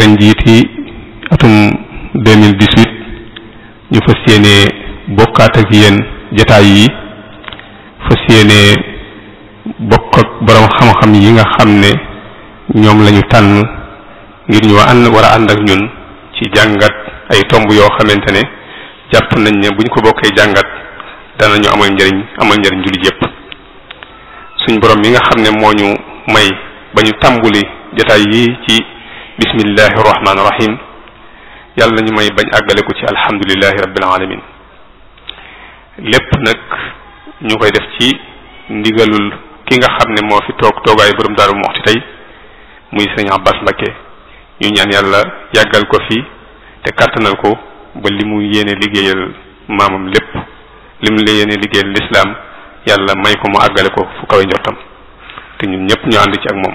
ren jii ci atum 2018 ñu fas yéene bokkaat ak jataay yi fas yéene bokk ak boroom xam-xam yi nga xam ne ñoom lañu tànn ngir ñu ànd war a ànd ak ñun ci jàngat ay tomb yoo xamante ne jàpp nañ ne buñ ko bokkee jàngat danañu amal njariñ amal njariñ jullit yépp suñ borom yi nga xam ne moo ñu may ba ñu tàmbuli jotaay yii ci bismillahi rahmaani rahim yàlla nañu may bañ àggale ko ci alhamdulillahi rabbil alamin lépp nag ñu koy def ci ndigalul ki nga xam ne moo fi toog toogaayu borom Daaru Muxti tey muy sëñ Abbas Mbakke ñu ñaan yàlla yàggal ko fi te kàttanal ko ba li mu yéene liggéeyal maamam lépp li mu yéene liggéeyal lislaam yàlla may ko mu àggale ko fu kawe njottam te ñu ñëpp ñu ànd ci ak moom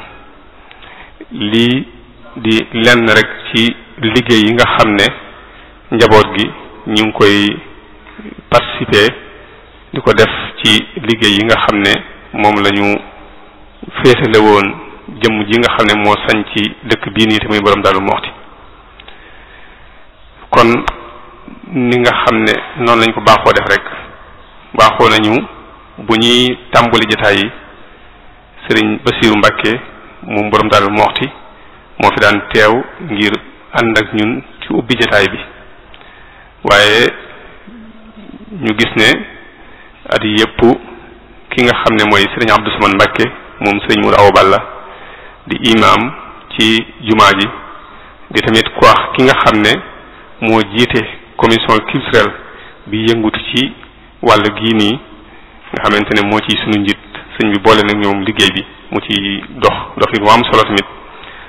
lii di lenn rek ci liggéey yi nga xam ne njaboot gi ñu ngi koy participer di ko def ci liggéey yi nga xam ne moom lañu ñu féetale woon jëmm ji nga xam ne moo sañ ci dëkk bii nii te muy borom Daaru Muxti kon ni nga xam ne noonu lañ ko baaxoo def rek baaxoo nañu bu ñuy tàmbali jotaay yi Sëriñ Basiiru Mbàkke moom borom Daaru Muxti moo fi daan teew ngir ànd ak ñun ci ubbi jotaay bi waaye ñu gis ne at yépp ki nga xam ne mooy Sëriñ Abdou Samane Mbàkke moom Sëriñ Mour aw Balla di imaam ci jumaa ji di tamit ku wax ki nga xam ne moo jiite commission culturelle bi yëngutu ci wàll gii nii nga xamante ne moo ci sunu njit sëñ bi boole nag ñoom liggéey bi mu ci dox doxin waa am solo tamit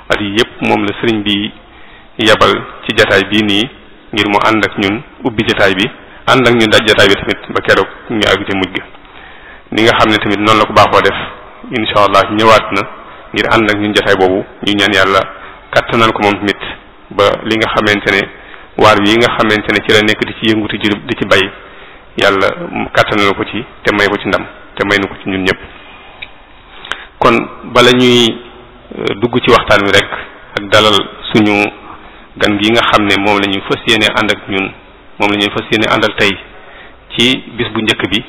at yi yëpp moom la sëriñ bi yabal ci jataay bii nii ngir mu ànd ak ñun ubbi jataay bi ànd ak ñun daj jataay bi tamit ba keroog ñu àgg ci mujj ni nga xam ne tamit noonu la ko baaxoo def incha allah ñëwaat na ngir ànd ak ñun jotaay boobu ñu ñaan yàlla kattanal ko moom tamit ba li nga xamante ne waar bii nga xamante ne ci la nekk di ci yënguti ci di ci bay yàlla kattanal ko ci te may ko ci ndam te may na ko ci ñun ñëpp kon bala ñuy euh, dugg ci waxtaan wi rek ak dalal suñu gan gi nga xam ne moom lañuy ñuy fas yéene ànd ak ñun moom lañuy ñuy yéene àndal tey ci bis bu njëkk bi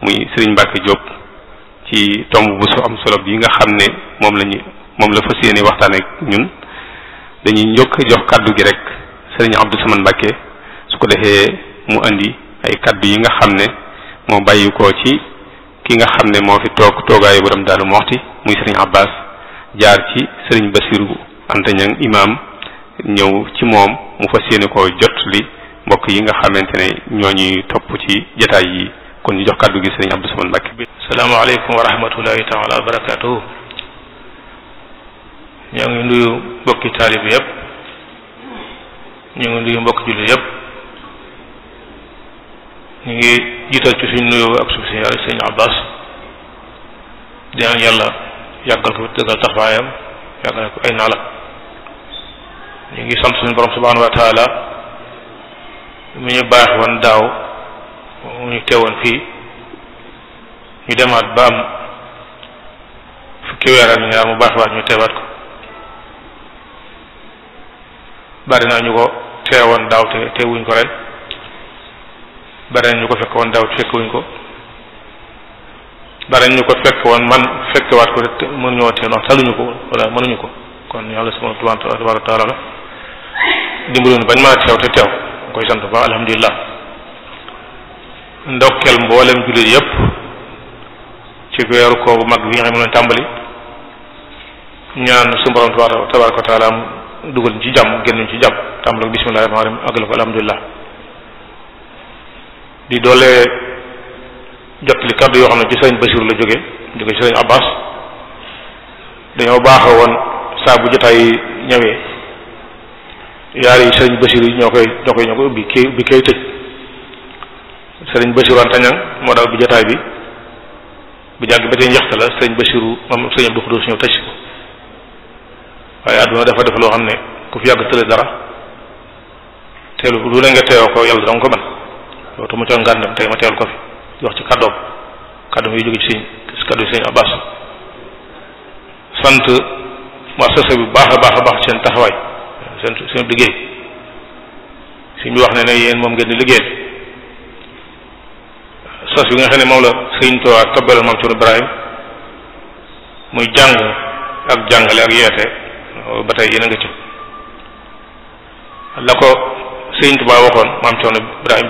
muy Serigne Mbacke Diop ci tomb bu su am solo bi nga xam ne moom la ñu moom la fas yéene waxtaan ak ñun dañuy njokk jox kaddu gi rek sëriñ Abdou Samane Mbacké su ko defee mu indi ay kàddu yi nga xam ne moo bàyyi ko ci ki nga xam ne moo fi toog toogaayu borom Daaru Muxti muy sëriñ Abbas jaar ci sëriñ Basiru Anta imaam ñëw ci moom mu fas yéene ko jot li mbokk yi nga xamante ne ñoo ñuy topp ci jataay yi kon ñu jox kàddu gi sëriñ Abdou Samad Mbacke. salaamaaleykum wa rahmatulahi taala wa barakaatuhu. ñoo ngi nuyu mbokki taalib yëpp. ñoo ngi nuyu mbokki jullit yëpp. ñu ngi jiital ci suñ nuyoo ak suñu siyaare sëriñ Abbas. di ñaan yàlla yàggal ko dëggal taxawaayam yàggal ko ay naala. ñu ngi sant borom subhaanahu wa mu ñu baax woon daaw. ñu teewoon fii ñu demaat ba am fukki weer ak ñaar mu baax baax ñu teewaat ko bari na ñu ko teewoon daaw te teewuñ ko ren bari na ñu ko fekk woon daaw te fekk wuñ ko bari na ñu ko fekk woon man fekkewaat ko te mën ñoo teen ko wala mënuñu ko kon yàlla subhanahu wa taala la dimbaluñu bañ mën a teew te teew koy sant ba alhamdulilah ndokkeel mboolem jullit yépp ci weeru koor mag bi nga xam ne moom tàmbali ñaan suñu borom tabaraka wa taala dugal ñu ci jàmm génn ñu ci jàmm tàmbali ko bismillahi rahmaani rahim àggale di doole jottali kàddu yoo xam ne ci sëriñ Basiru la jóge jóge ci sëriñ Abbas dañoo baaxa woon saa jotaay ñëwee yaar yi sëriñ Basiru ñoo koy ñoo koy ubbi kii ubbi kay tëj sëriñ Bachirou Anta Niang moo daal bi jotaay bi bu ba tey njeexte la sëriñ Bachirou moom sëriñ Abdou Khoudoss ñëw tëj ko waaye àdduna dafa def loo xam ne ku fi yàgg tële dara teelu lu ne nga teewoo ko yàlla danga ko mën loolu tamit mu coon ngàndam tey ma ko fi wax ci kàddoom kàddoom yu jóge ci sëriñ kàddu sëriñ Abbas sant muassasa bi baax a baax a baax seen taxawaay seen seen liggéey suñu wax ne ne yéen moom ngeen di liggéeyal pas-pas nga xam ne moom la sëriñ Tuubaa tobbalal maam Cerno Ibrahim muy jàng ak jàngale ak yeete ba tey yéen nga ci la ko sëriñ Tuubaa waxoon maam Cerno Ibrahim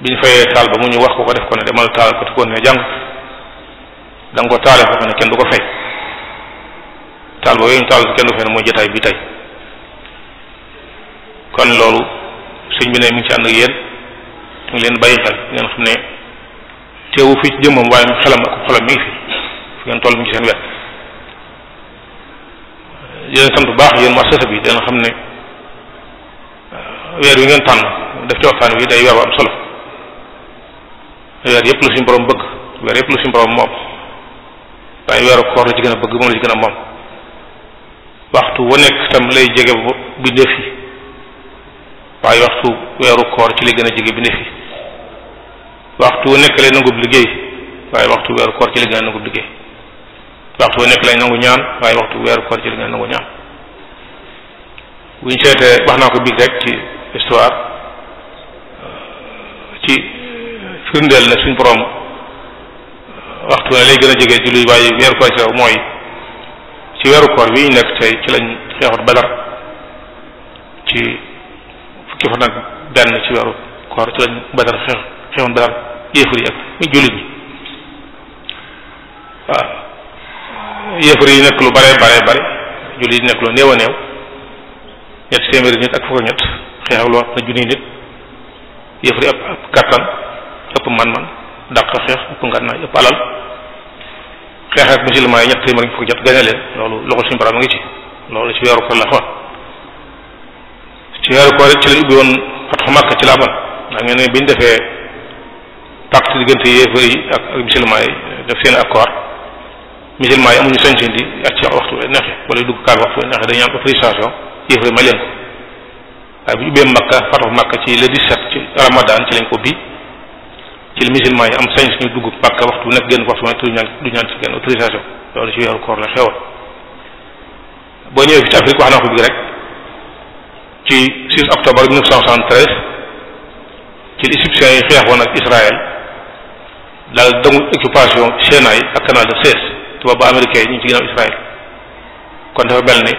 bi ñu fayee taal ba mu ñu wax ko ko def ko ne demal taal ko te ne jàng da ko taale foo xam kenn du ko fay taal ba yooyu ñu taal kenn du ko fay mooy jotaay bi tey kon loolu sëñ bi ne mi ngi ci ànd ak te leen bàyyi xel ngeen xam ne teewu fii ci jëmmam waaye xelam ak xolam mi ngi fi fi ngeen toll mi ngi seen wet yéen baax yéen marché bi dana xam ne weer wi ngeen tànn def ci waxtaan wi day weer am solo weer yëpp lu suñu borom bëgg weer yëpp la suñu borom moom waaye weeru koor la ci gën a bëgg moom la ci gën moom waxtu wu nekk tam lay jege bi ne fi waaye waxtu weeru koor ci lay gën a jege bi fi waxtu wu nekk lay nangub liggéey waaye waxtu weeru koor ci la gën a nangub nekk lay nangu ñaan waaye waxtu weeru koor ci la gën a nangu wax naa ko biig rek ci histoire euh, ci suñ borom euh, waxtu ne lay gën a jege ci luy waaye weeru koor ci mooy ci weeru koor wi nekk tey ci lañ xeexut badar ci fukki benn ci weeru koor ci lañ badar xeex badar yéefar yi ak muy jullit ñi waaw yéefar yi nekk lu bare bare bare jullit yi nekk lu néew a néew ñett téeméeri nit ak fukk ñett xeex ak lu na junni nit yéefar yi ëpp ëpp kattan man-man dàq xeex ëpp ngànnaay ëpp alal xeex ak musulman yi ñett téeméeri fukk ñett gañe leen loolu loxo suñu baraam a ngi ci loolu ci weeru koor la xool ci weeru koor rek ci la ubbi woon fatxu Makka ci la amoon ndax ngeen ne bi ñu defee pacte diggante yéefar yi ak ak musulman yi euh, def seen accord musulman yi amuñu sañ-sañ di ak ci waxtu wi nexe wala dugg kaar waxtu wi nexe dañuy am autorisation yéefar yi may leen ko waaye bu ubbee makka fatax makka ci le 17 ci ramadan ci lañ ko bi ci le musulman yi am sañ suñu dugg makka waxtu wu nekk génn waxtu wu nekk du ñaan du ñaan ci genn autorisation loolu ci weeru koor la xewal boo ñëwee fi ci Afrique wax na ko rek ci 6 yi xeex woon ak Israël daal dangul occupation Chennai ak canal de Suez tubaab ba américain ñu ngi ci ginnaaw Israël kon dafa mel ni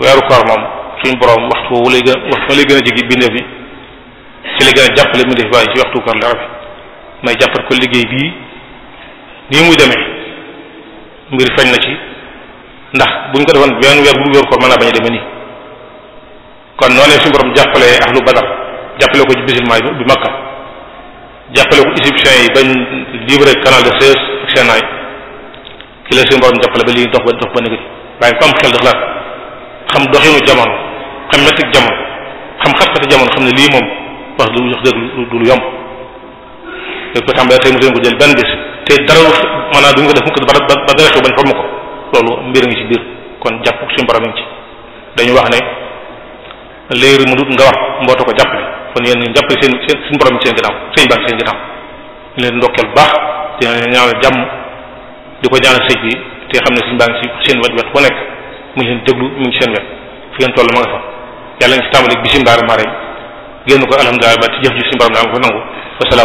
weeru koor moom suñu boroom waxtu woowu lay gën waxtu ma lay gën a ci lay gën a jàppale mu def bàyyi ci waxtu koor la rafet may jàppat ko liggéey bii nii muy demee mbir feeñ na ci ndax buñ ko defoon benn weer bu weeru koor mën naa bañ a demee nii kon noonu suñu borom jàppalee lu badar jàppale ko ci musulmaan bi Makka jàppale ko égyptiens yi bañ libre canal de Suez ak Sénaay ki la suñu jàppale ba lii dox ba dox ba négatif waaye ku am xel dafa laaj xam doxinu jamono xam métti jamono xam xat-xati jamono xam ne lii moom wax du wax lu yomb léegi ko tàmbalee tey mu seen ko jël benn bés te dara maanaam ko def mu ko ba ba dara xew bañ ko loolu mbir a ngi ci biir kon jàpp suñu borom a ngi ci dañu wax ne léer mu dut nga war mboota ko jàppale kon yéen ñu seen seen suñu borom seen ginnaaw sëñ baa ngi seen ginnaaw baax di leen ñaanal ko ñaanal sëñ bi xam ne sëñ baa seen wet wet mu ngi leen déglu mu ngi seen ma nga fa yàlla nañ si tàmbali bisimilah rahmaani rahiim génn ko alhamdulilah ba ci jëf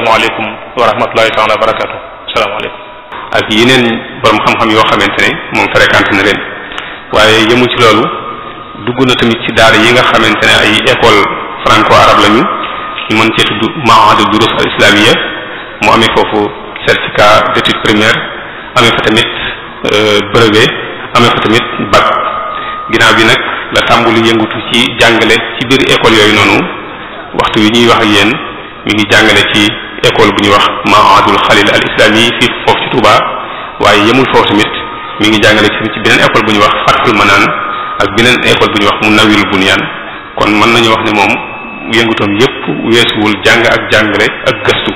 wa rahmatulahi taala wa barakaatu asalaamaaleykum. ak yeneen borom xam-xam yoo xamante ne moom fréquente na leen waaye yëmu ci loolu dugg na tamit ci daara yi nga xamante ne ay école franco arab lañu ñu mën ci tuddu mahad durus al islamiyya mu amé fofu certificat d'études primaires amé fa tamit euh, brevet amé fa tamit bac ginaaw bi nak la tambuli yëngutu ci jàngale ci biir école yooyu noonu waxtu yi ñuy wax yeen mi ngi jàngale ci école bu ñuy wax maadul khalil al islami fi fofu ci touba waaye yemul foofu tamit mi ngi jàngale ci ci beneen école bu ñuy wax fatul manaan ak beneen école bu ñuy wax mu nawil bunyan kon man nañu wax ne moom yëngutam yépp weesuwul jàng ak jàngale ak gëstu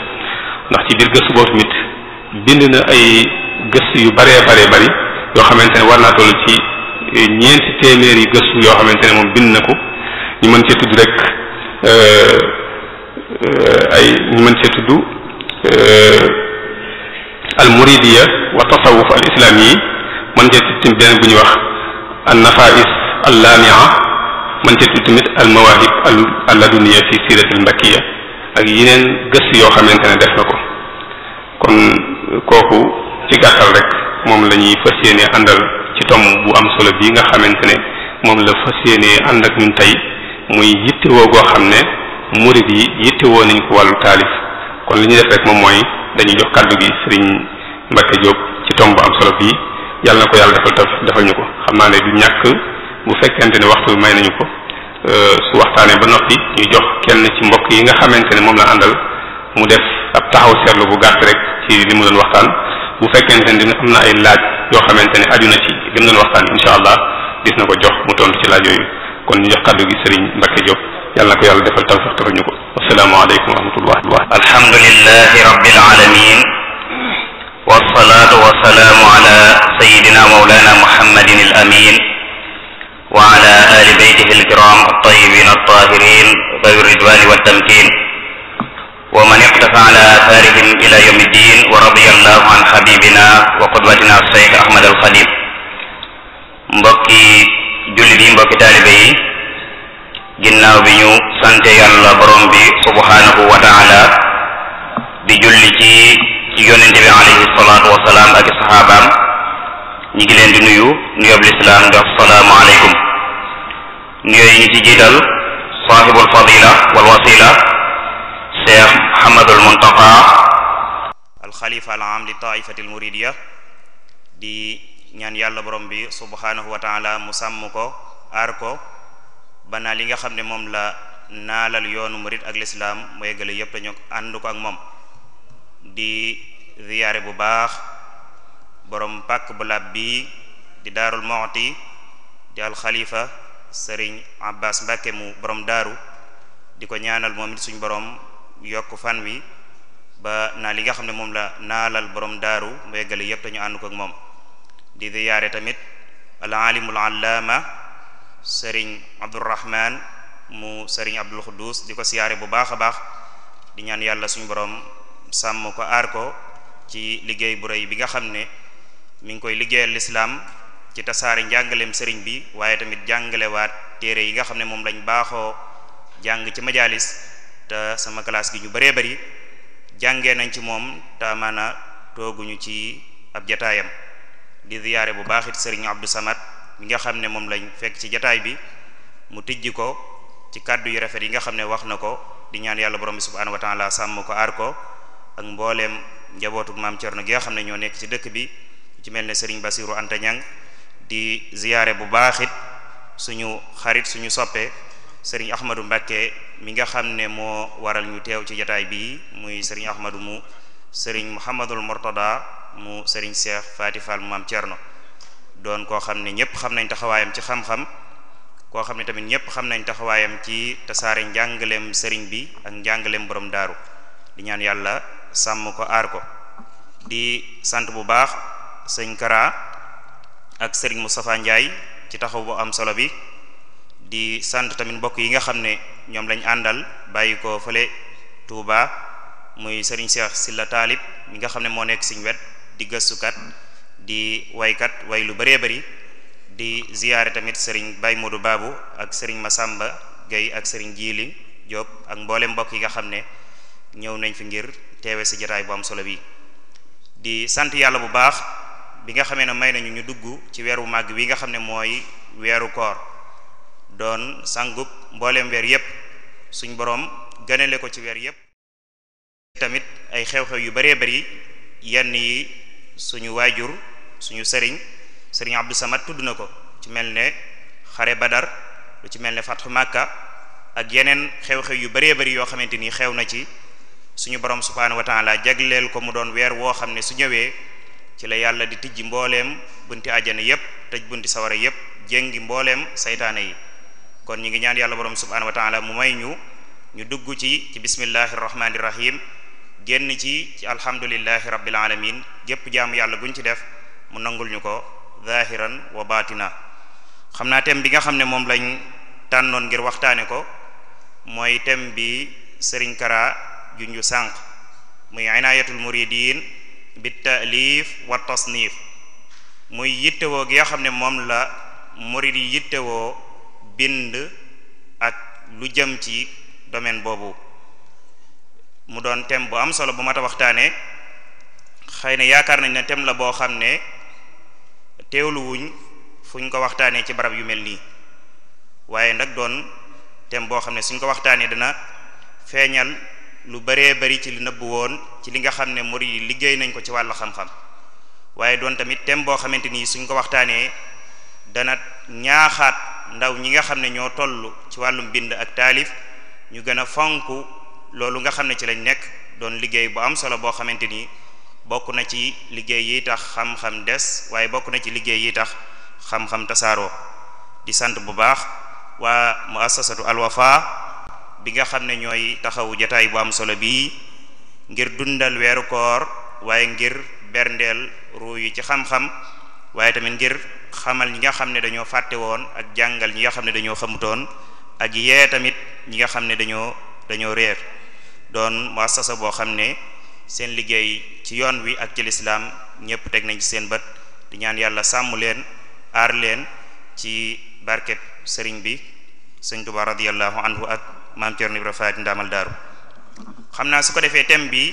ndax ci bir gëstu boobu tamit bind na ay gëstu yu bare bare bari yo xamantene war na tollu ci ñeent témèr yi gëstu yo xamantene ne moom bind nako ñu mën ci tudd rek ay ñu mën cee tudd al muridiyya wa tasawuf al islami mën cee tudd benn bu ñuy wax an nafais al man ca tudd tamit al mawahib al laduniya fi siratil mbakkiya ak yeneen gëstu yoo xamante ne def na ko kon kooku ci gàttal rek moom la ñuy fas yéene àndal ci tom bu am solo bii nga xamante ne moom la fas yéene ànd ak ñun tey muy woo goo xam ne murid yi woo nañu ko wàllu taalif kon li ñu def rek moom mooy dañuy jox kàddu gi sëriñ mbakk Diop ci tom bu am solo bii yàlla na ko yàlla defal defal ñu ko xam naa ne du ñàkk bu fekkente ne waxtu may nañu ko su waxtaanee ba noppi ñu jox kenn ci mbokk yi nga xamante ne moom la àndal mu def ab taxaw seetlu bu gàtt rek ci li mu doon waxtaan bu fekkente ne am na ay laaj yoo xamante ne aju na ci li mu doon waxtaan incha allah gis na ko jox mu tontu ci laaj yooyu kon ñu jox kàddu gi sëriñ Mbacke Diop yàlla na ko yàlla defal tawfiq tafal ñu ko asalaamaaleykum wa rahmatullahi rahmatullah alhamdulillahi rabbil alamin والصلاة والسلام على سيدنا مولانا محمد الأمين وعلى آل بيته الكرام الطيبين الطاهرين غير الرجوان والتمكين ومن اقتفى على آثارهم إلى يوم الدين ورضي الله عن حبيبنا وقدوتنا الشيخ أحمد الخليل مبكي دين مبكي طالبي جناو بنيو سنتي الله برم بي سبحانه وتعالى بجلدي يونس عليه الصلاة والسلام أكي صحابه ñi ngi leen di nuyu nuyoob lislaam di assalaamu aleykum nuyoo yi ñu ci jiital saaxibul fadila wal al am li yàlla borom bi subhanahu wa mu sàmm ko aar ko banaa li nga xam ne moom la naalal yoonu murid ak lislaam mu yeggale yépp dañu ànd ko ak moom di ziyaare bu baax borom pak bu bi di darul mu'ti di al khalifa sering abbas mbake mu borom daru di ñaanal moom suñ borom yok fan wi ba na li nga xamne ne la nalal borom daru mu yeggale yépp ñu ko ak mom di ziyaare tamit al alimul allaama abdul rahman mu sering abdul khudus di ko bu baakha baax di ñaan yalla suñ borom sam ko ar ko ci liggey bu reuy bi nga xamne mi ngi koy liggéeyal lislaam ci tasaari njàngaleem sëriñ bi waaye tamit jàngalewaat téere yi nga xam ne moom lañ baaxoo jàng ci majalis te sama classe gi ñu bëree bëri jàngee nañ ci moom te tooguñu ci ab jataayam di ziyaare bu baaxit it sëriñ Abdou Samad mi nga xam ne moom lañ fekk ci jataay bi mu tijji ko ci kàddu yu rafet yi nga xam ne wax na ko di ñaan yàlla borom bi subhaanahu wa taala sàmm ko aar ko ak mbooleem njabootu maam Cerno gi nga xam ne ñoo nekk ci dëkk bi ci mel ne Serigne Bassirou Anta Niang di ziyaare bu baaxit suñu xarit suñu soppe Serigne Ahmadou Mbacké mi nga xam ne moo waral ñu teew ci jataay bii muy Serigne Ahmadou mu Serigne Mouhamadul Mortada mu Serigne Cheikh Faty Fall mu Maam Thierno doon koo xam ne ñëpp xam nañ taxawaayam ci xam-xam koo xam ne tamit ñëpp xam nañ taxawaayam ci tasaare njàngaleem sëriñ bi ak njàngaleem boroom daaru di ñaan yàlla sàmm ko aar ko di sant bu baax sëñ Kara ak sëriñ Moustapha Ndiaye ci taxaw bu am solo bi di sant tamit mbokk yi nga xam ne ñoom lañ àndal bàyyi ko fële Touba muy sëriñ Cheikh Silla Taalib mi nga xam ne moo nekk suñ wet di gëstukat di waykat way lu bëree bëri di ziyaare tamit sëriñ Baye Modou Babou ak sëriñ Massamba Gueye ak sëriñ Jili Diop ak mboolem mbokk yi nga xam ne ñëw nañ fi ngir teewe si jotaay bu am solo bi di sant yàlla bu baax bi nga xamé na may nañu ñu dugg ci wéru mag wi nga xamné moy wéru koor doon sangup mbolém wér yépp suñ borom gënalé ko ci wér yépp tamit ay xew-xew yu bari bari yenn yi suñu wajur suñu sëriñ sëriñ Abdou Samad tudd na ci mel xare badar lu ci mel ne Makka ak yenen xew-xew yu bari bari yo xamanteni xew na ci suñu borom subhanahu wa taala jagleel ko mu doon weer wo xam su ci la yalla di tijji mbollem bunti aljana yeb tej bunti sawara yeb jengi mbollem saytane yi kon ñi ngi ñaan yalla borom subhanahu wa taala mu may ñu ñu dugg ci ci bismillahir rahmanir rahim genn ci ci alhamdulillahi rabbil alamin gep jaamu yalla guñ ci def mu nangul ñuko zahiran wa batina xamna tem bi nga xamne mom lañ tannon ngir waxtane ko moy tem bi serigne kara sank muy inayatul muridin bi taalif wa tasnif muy yittewo gi nga xamne mom la murid yi bind ak lu jëm ci domaine bobu mu don tem bu am solo bu mata waxtane xeyna yaakar nañ ne tem la bo xamne ne wuñ fuñ ko waxtane ci barab yu melni waye nak don tem bo xamne suñ ko waxtane dana feñal lu baree bari ci li nëbbu woon ci li nga xam ne moor yi liggéey nañ ko ci wàllu xam-xam waaye doon tamit thème boo xamante ni suñ ko waxtaanee dana ñaaxaat ndaw ñi nga xam ne ñoo toll ci wàllum bind ak taalif ñu gën a fonk loolu nga xam ne ci lañ nekk doon liggéey bu am solo boo xamante ni bokk na ci liggéey yi tax xam-xam des waaye bokk na ci liggéey yi tax xam-xam tasaaroo di sant bu baax waa muassasatu Al Wafa bi nga xam ne ñooy taxawu jataay bu am solo bii ngir dundal weeru koor waaye ngir berndeel ruu yi ci xam-xam waaye tamit ngir xamal ñi nga xam ne dañoo fàtte woon ak jàngal ñi nga xam ne dañoo xamutoon ak yee tamit ñi nga xam ne dañoo dañoo réer doon muassasa boo xam ne seen liggéey ci yoon wi ak ci lislaam ñëpp teg nañ ci seen bët di ñaan yàlla sàmm leen aar leen ci barkeb sëriñ bi sëñ Tuubaa radiyallahu anhu ak mam Thierno Ibra Faati ndamal daru xamna naa su ko bi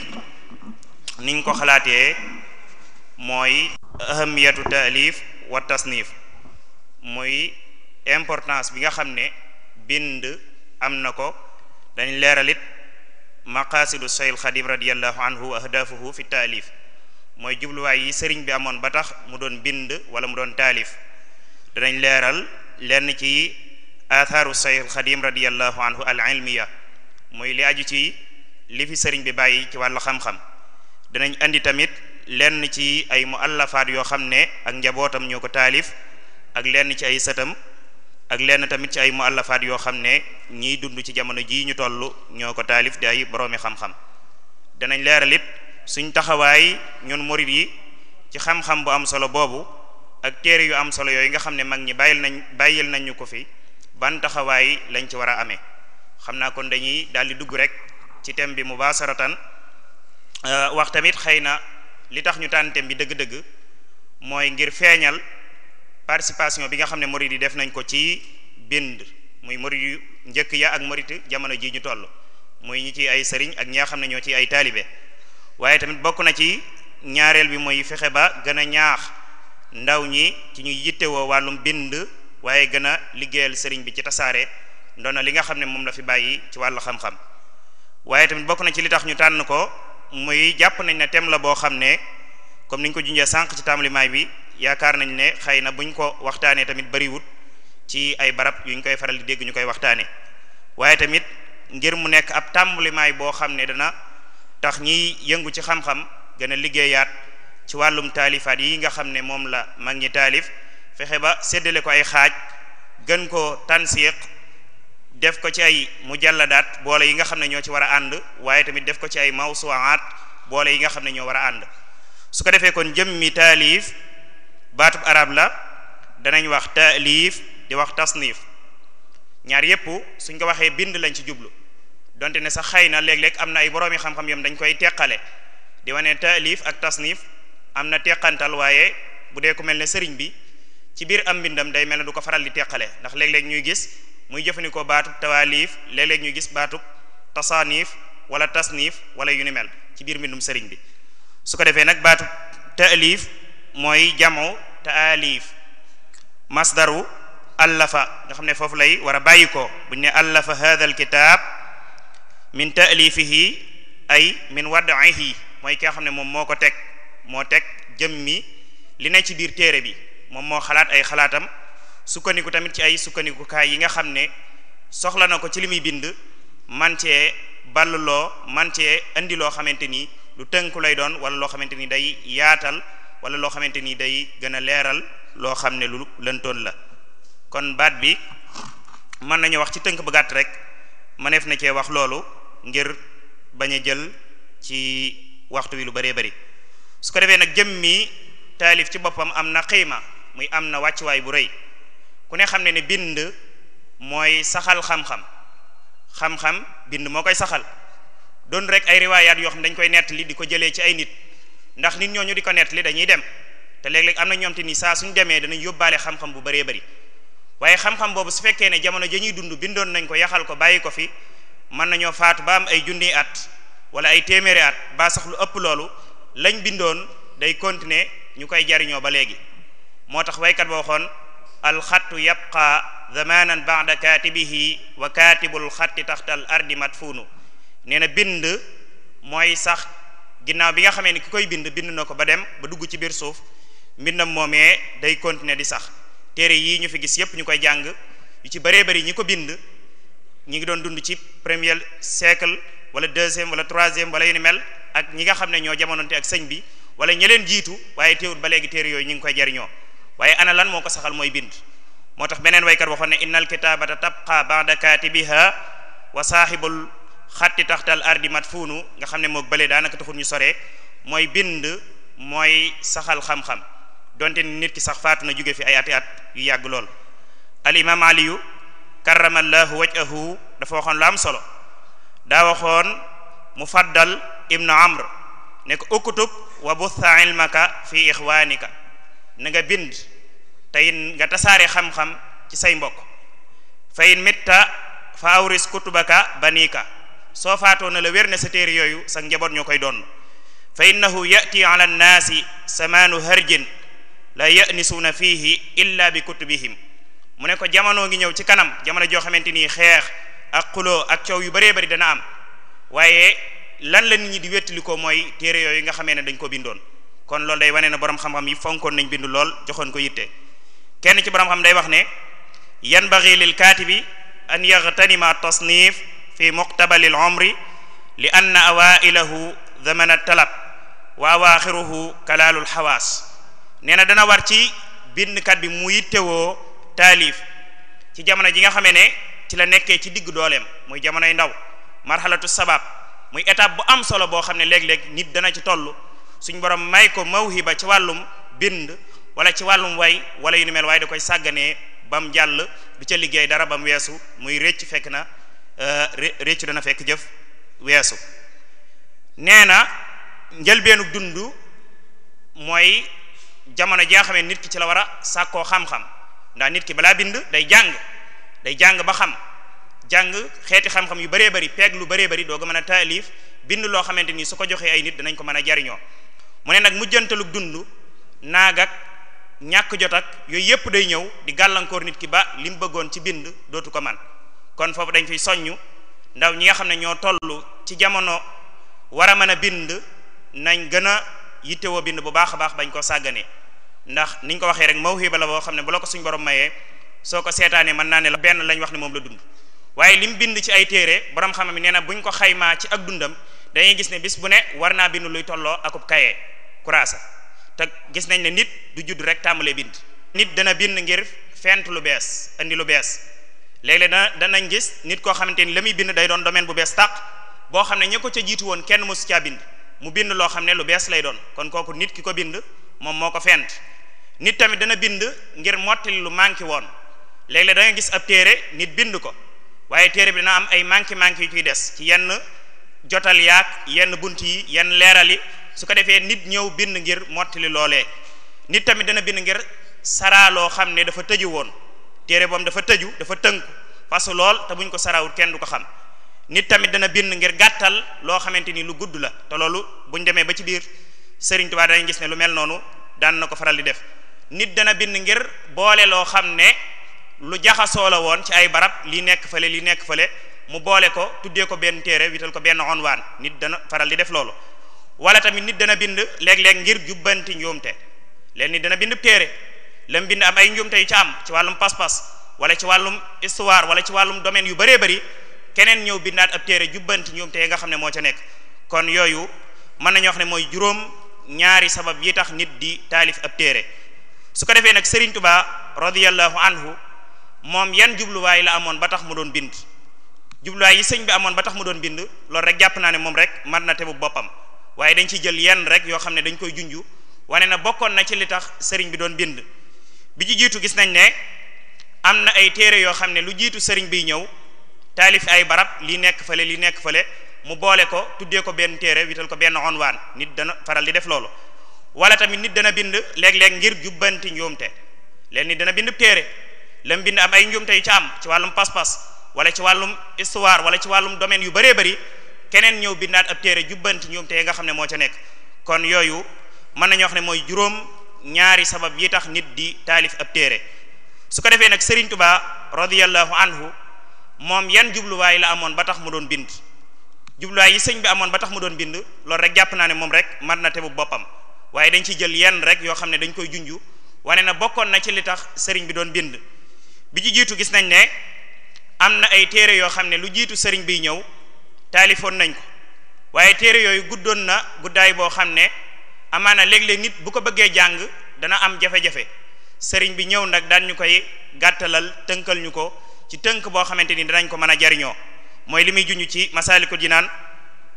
niñ ko xalaté moy ahamiyatu ta'lif wa tasnif Mui importance bi nga xamné ne bind am ko dañ leeralit maqasidu Seexul khadim radiyallahu anhu ahdafuhu fi moy mooy way yi serign bi amone ba tax mu don bind wala mu don talif dañ leral len ci athaaru sayxul xadim radiallahu anhu al ilmiya muy li aju ci lifi fi sëriñ bi bàyyi ci wàllu xam-xam dinañ andi tamit lenn ci ay muallafaat yoo xam ne ak njabootam ñoo ko taalif ak lenn ci ay sëtam ak lenn tamit ci ay muallafaat yoo xam ne ñiy dund ci jamono jii ñu toll ñoo ko taalif di ay boroomi xam-xam danañ leeral it suñ taxawaay ñun murid yi ci xam-xam bu am solo boobu ak téere yu am solo yooyu nga xam ne mag ñi bàyyil nañ bàyyil nañ ñu ko fi ban taxawaay lañ ci war a amee xam naa kon dañuy daal di dugg rek ci thème bi mu mubaasaratan euh, wax tamit xëy na li tax ñu tànn thème bi dëgg-dëgg mooy ngir feeñal participation bi nga xam ne murid yi def nañ ko ci bind muy murid njëkk ya ak murid jamono ji ñu toll muy ñi ci ay sëriñ ak ñi nga xam ne ñoo ci ay taalibe waaye tamit bokk na ci ñaareel bi mooy fexe ba gën a ñaax ndaw ñi ci ñu yittewoo wàllum bind waaye gën a liggéeyal sëriñ bi ci tasaare ndono li nga xam ne moom la fi bàyyi ci wàllu xam-xam waaye tamit bokk na ci li tax ñu tànn ko muy jàpp nañ ne thème la boo xam ne comme niñ ko junjee sànq ci tàmbalimaay bi yaakaar nañ ne xëy na buñ ko waxtaanee tamit bariwut ci ay barab yuñ koy faral di dégg ñu koy waxtaanee waaye tamit ngir mu nekk ab tàmbalimaay boo xam ne dana tax ñiy yëngu ci xam-xam gën a liggéeyaat ci wàllum taalifaat yi nga xam ne moom la mag ñi taalif. fexé ba sédélé ko ay xaj gën ko tansiq def ko ci ay mujalladaat boole yi nga xamné ño ci wara and ànd tamit def ko ci ay mawsu'at boole yi nga xamné ño wara and su ko défé kon mi talif batub arab la danañ wax talif di wax tasnif ñaar yépp suñ ko waxé bind lañ ci jublu donte ne sa xëy na léeg amna am na ay boroomi xam-xam yam dañ koy teqale di wone talif ak tasnif amna na budé ko melni bi ci biir am mbindam day mel ne du ko faral di teqale ndax léeg-léeg ñuy gis muy jëfandikoo baatub tawaalif léeg-léeg ñuy gis baatub tasaanif wala tasnif wala yu mel ci biir mbindum sëriñ bi su ko defee nag baatub taalif mooy jamu taalif masdaru allafa nga xam ne foofu lay war a bàyyi ko buñ ne allafa hadha al kitab min taalifihi ay min wadaihi mooy ki xam ne moom moo ko teg moo teg jëm mi li ne ci biir téere bi moom moo xalaat ay xalaatam sukkandiku tamit ci ay sukkandikukaay yi nga xam ne soxla na ko ci li muy bind man cee loo man cee indi loo xamante ni lu tënku lay doon wala loo xamante ni day yaatal wala loo xamante ni day gën a leeral loo xam ne lu lëntoon la kon baat bi mën nañu wax ci tënk bu gàtt rek mëneef na cee wax loolu ngir bañ a jël ci waxtu wi lu bëree bëri su ko defee nag jëm mi taalif ci boppam am na xiima muy am na wàccuwaay bu rëy ku ne xam ne ne bind mooy saxal xam-xam xam bind moo koy saxal doon rek ay riwaayaat yoo xam dañ koy nettali di ko jëlee ci ay nit ndax nit ñooñu di ko nettali dañuy dem te léeg-léeg am na ñoom te ni saa suñ demee danañ yóbbaale xam-xam bu bëree bari waaye xam-xam boobu su fekkee ne jamono ja ñuy dund bindoon nañ ko yaxal ko bàyyi ko fi mën nañoo faatu ba am ay junni at wala ay téeméeri at ba sax lu ëpp loolu lañ bindoon day continuer ñu koy jariñoo ba léegi moo tax waykat ba waxoon alxattu yabqa zamanan baada kaatibihi wa kaatibul xatti taxta al ardi madfunu nee na bind mooy sax ginnaaw bi nga xamee ni ki koy bind bind na ko ba dem ba dugg ci biir suuf mbindam moomee day continuer di sax téere yii ñu fi gis yépp ñu koy jàng yu ci bëree bëri ñi ko bind ñi ngi doon dund ci premier siècle wala deuxième wala troisième wala yu ni mel ak ñi nga xam ne ñoo jamononte ak sëñ bi wala ñi jiitu waaye teewul ba léegi téere yooyu ñu ngi koy jariñoo waaye ana lan moo ko saxal mooy bind moo tax beneen waykat waxoon ne innal kitaabata tabqa ba'da katibiha wa saaxibul xatti taxtal ardi madfuunu nga xam ne moo bële daanaka taxul ñu sore mooy bind mooy saxal xam-xam donte nit ki sax faatu na jóge fi ay ati at yu yàgg lool al imaam aliyu karamallahu wajahu dafa waxoon lu am solo daa waxoon mufaddal ibnu amr ne uktub wa butha ilmaka fi ixwanika na nga bind tay nga tasaare xam-xam ci say mbokk fa in mitta fa awris kutubaka banika so faato na la werne sa ter yoyu sa njabot ñokay don fa innahu yati ala nnaasi samanu harjin la ya'nisuna fihi illa bi kutubihim mu ne ko jamono gi ñew ci kanam jamono jo xamanteni xex ak xulo ak ciow yu bare bare dana am waye lan la nit ñi di wetliko moy nga xamee dañ ko bindon kon loolu day wane na boroom xam-xam yi fonkoon nañ bindu lool joxoon ko yitte kenn ci borom xam day wax ne yanbaghi lil kaatibi an yaghtanima tasnif fi muqtabali al umri li anna awailahu zamana talab wa awaaxiruhu kalaalul xawaas nee na dana war ci bindkat bi mu yittewoo taalif ci jamono ji nga xamee ne ci la nekkee ci digg dooleem muy jamonoy ndaw marxalatu sabab muy étape bu am solo boo xam ne léeg-léeg nit dana ci toll suñ borom may ko mawhiba ci wàllum bind wala ci wàllum way wala yu ni mel waaye da koy sàgganee ba mu jàll du ca liggéey dara ba mu weesu muy récc fekk na euh, réccu dana fekk jëf weesu nee na njëlbeenu dund mooy jamono jaa xamee nit ki ci la war a sàkkoo xam-xam ndax nit ki balaa bind day jàng day jàng ba xam jàng xeeti xam-xam yu bëree bari peeg lu bëree bëri dooga mën a taalif bind loo xamante ni su ko joxee ay nit danañ ko mën a jariñoo mune nak mujjantelu dundu nag nagak ak ñak jot ak yooyu yépp day ñew di galankor nit ki ba lim beggon ci bind dotu ko man kon fofu dañ fay soñu ndaw ñi nga xamne ne tollu ci jamono wara mëna bind nañ gëna a wo bind bu baax baax bañ ko sàggane ndax niñ ko waxé rek mawhiba la bo xamne bu lako suñ borom mayé soko sétané man mën la ben lañ wax ne mom la dund waye lim bind ci ay téré borom xamami néna buñ ko xayma ci ak dundam dañuy gis ne bis bu ne war naa bind luy tolloo akub kuraasa te gis nañ ne nit du judd rek tàmbalee bind nit dana bind ngir fent lu bees indi lu bees léeg-léeg dana danañ gis nit koo xamante ni la muy bind day doon domaine bu bees tàq boo xam ne ñi ko ca jiitu woon kenn mosu caa bind mu bind loo xam ne lu bees lay doon kon kooku nit ki ko bind moom moo ko fent nit tamit dana bind ngir mottali lu manqué woon léeg-léeg da gis ab téere nit bind ko waaye téere bi dana am ay manqué manqué yu ciy des ci yenn jotal yaak yenn bunt yi yenn leeral su ko defee nit ñëw bind ngir mottali loolee nit tamit dana bind ngir saraa loo xam ne dafa tëju woon téere boom dafa tëju dafa tënku que lool te buñ ko sarawut kenn du ko xam nit tamit dana bind ngir gàttal loo xamante ni lu gudd la te loolu buñ demee ba ci biir Serigne Touba dañu gis ne lu mel noonu daan na ko faral di def nit dana bind ngir boole loo xam ne lu jaxasoo la woon ci ay barab lii nekk fële lii nekk fële mu boole ko tuddee ko benn téere wital ko benn onwaan nit dana faral di def loolu wala tamit nit dana bind léeg-léeg ngir jubbanti njuumte leen nit dana bind téere la bind am ay njuumte yu ca am ci wàllum pas-pas wala ci wàllum histoire wala ci wàllum domaine yu bëree bëri keneen ñëw bindaat ab téere jubbanti njuumte yi nga xam ne moo ca nekk kon yooyu mën nañu wax ne mooy juróom ñaari sabab yi tax nit di taalif ab téere su ko defee nag Serigne Touba radiyallahu anhu moom yan jubluwaay la amoon ba tax mu doon bind jubluwaay yi sëñ bi amoon ba tax mu doon bind loolu rek jàpp naa ne moom rek mën na tebu boppam waaye dañ ci jël yenn rek yoo xam ne dañ koy junju wane na bokkoon na ci li tax sëriñ bi doon bind bi ci jiitu gis nañ ne am na ay téere yoo xam ne lu jiitu sëriñ biy ñëw taalif ay barab li nekk fële li nekk fële mu boole ko tuddee ko benn téere wital ko benn onwaan nit dana faral di def loolu wala tamit nit dana bind léeg-léeg ngir jubbanti njuumte léeg nit dana bind téere la mu bind am ay njuumte yu ca am ci wàllum pas-pas wala ci wàllum histoire wala ci wàllum domaine yu bëree bëri keneen ñëw bindaat ab téere jubbanti ñoom tey nga xam ne moo ca nekk kon yooyu mën nañoo wax ne mooy juróom ñaari sabab yi tax nit di taalif ab téere su ko defee nag sëriñ Serigne Touba radiyallahu anhu moom yan jubluwaay la amoon ba tax mu doon bind jubluwaay yi sëñ bi amoon ba tax mu doon bind loolu rek jàpp naa ne moom rek mat na te bu boppam waaye dañ ciy jël yenn rek yoo xam ne dañ koy junju wane na bokkoon na ci li tax sëriñ bi doon bind bi ci jiitu gis nañ ne am na ay téere yoo xam ne lu jiitu sëriñ biy ñëw taalifoon nañ ko waaye téere yooyu guddoon na guddaay boo xam ne amaana léeg-léeg nit bu ko bëggee jàng dana am jafe-jafe sëriñ bi ñëw nag daan ñu koy gàttalal tënkal ñu ko ci tënk boo xamante ni danañ ko mën a jariñoo mooy li muy junj ci masaalikul jinaan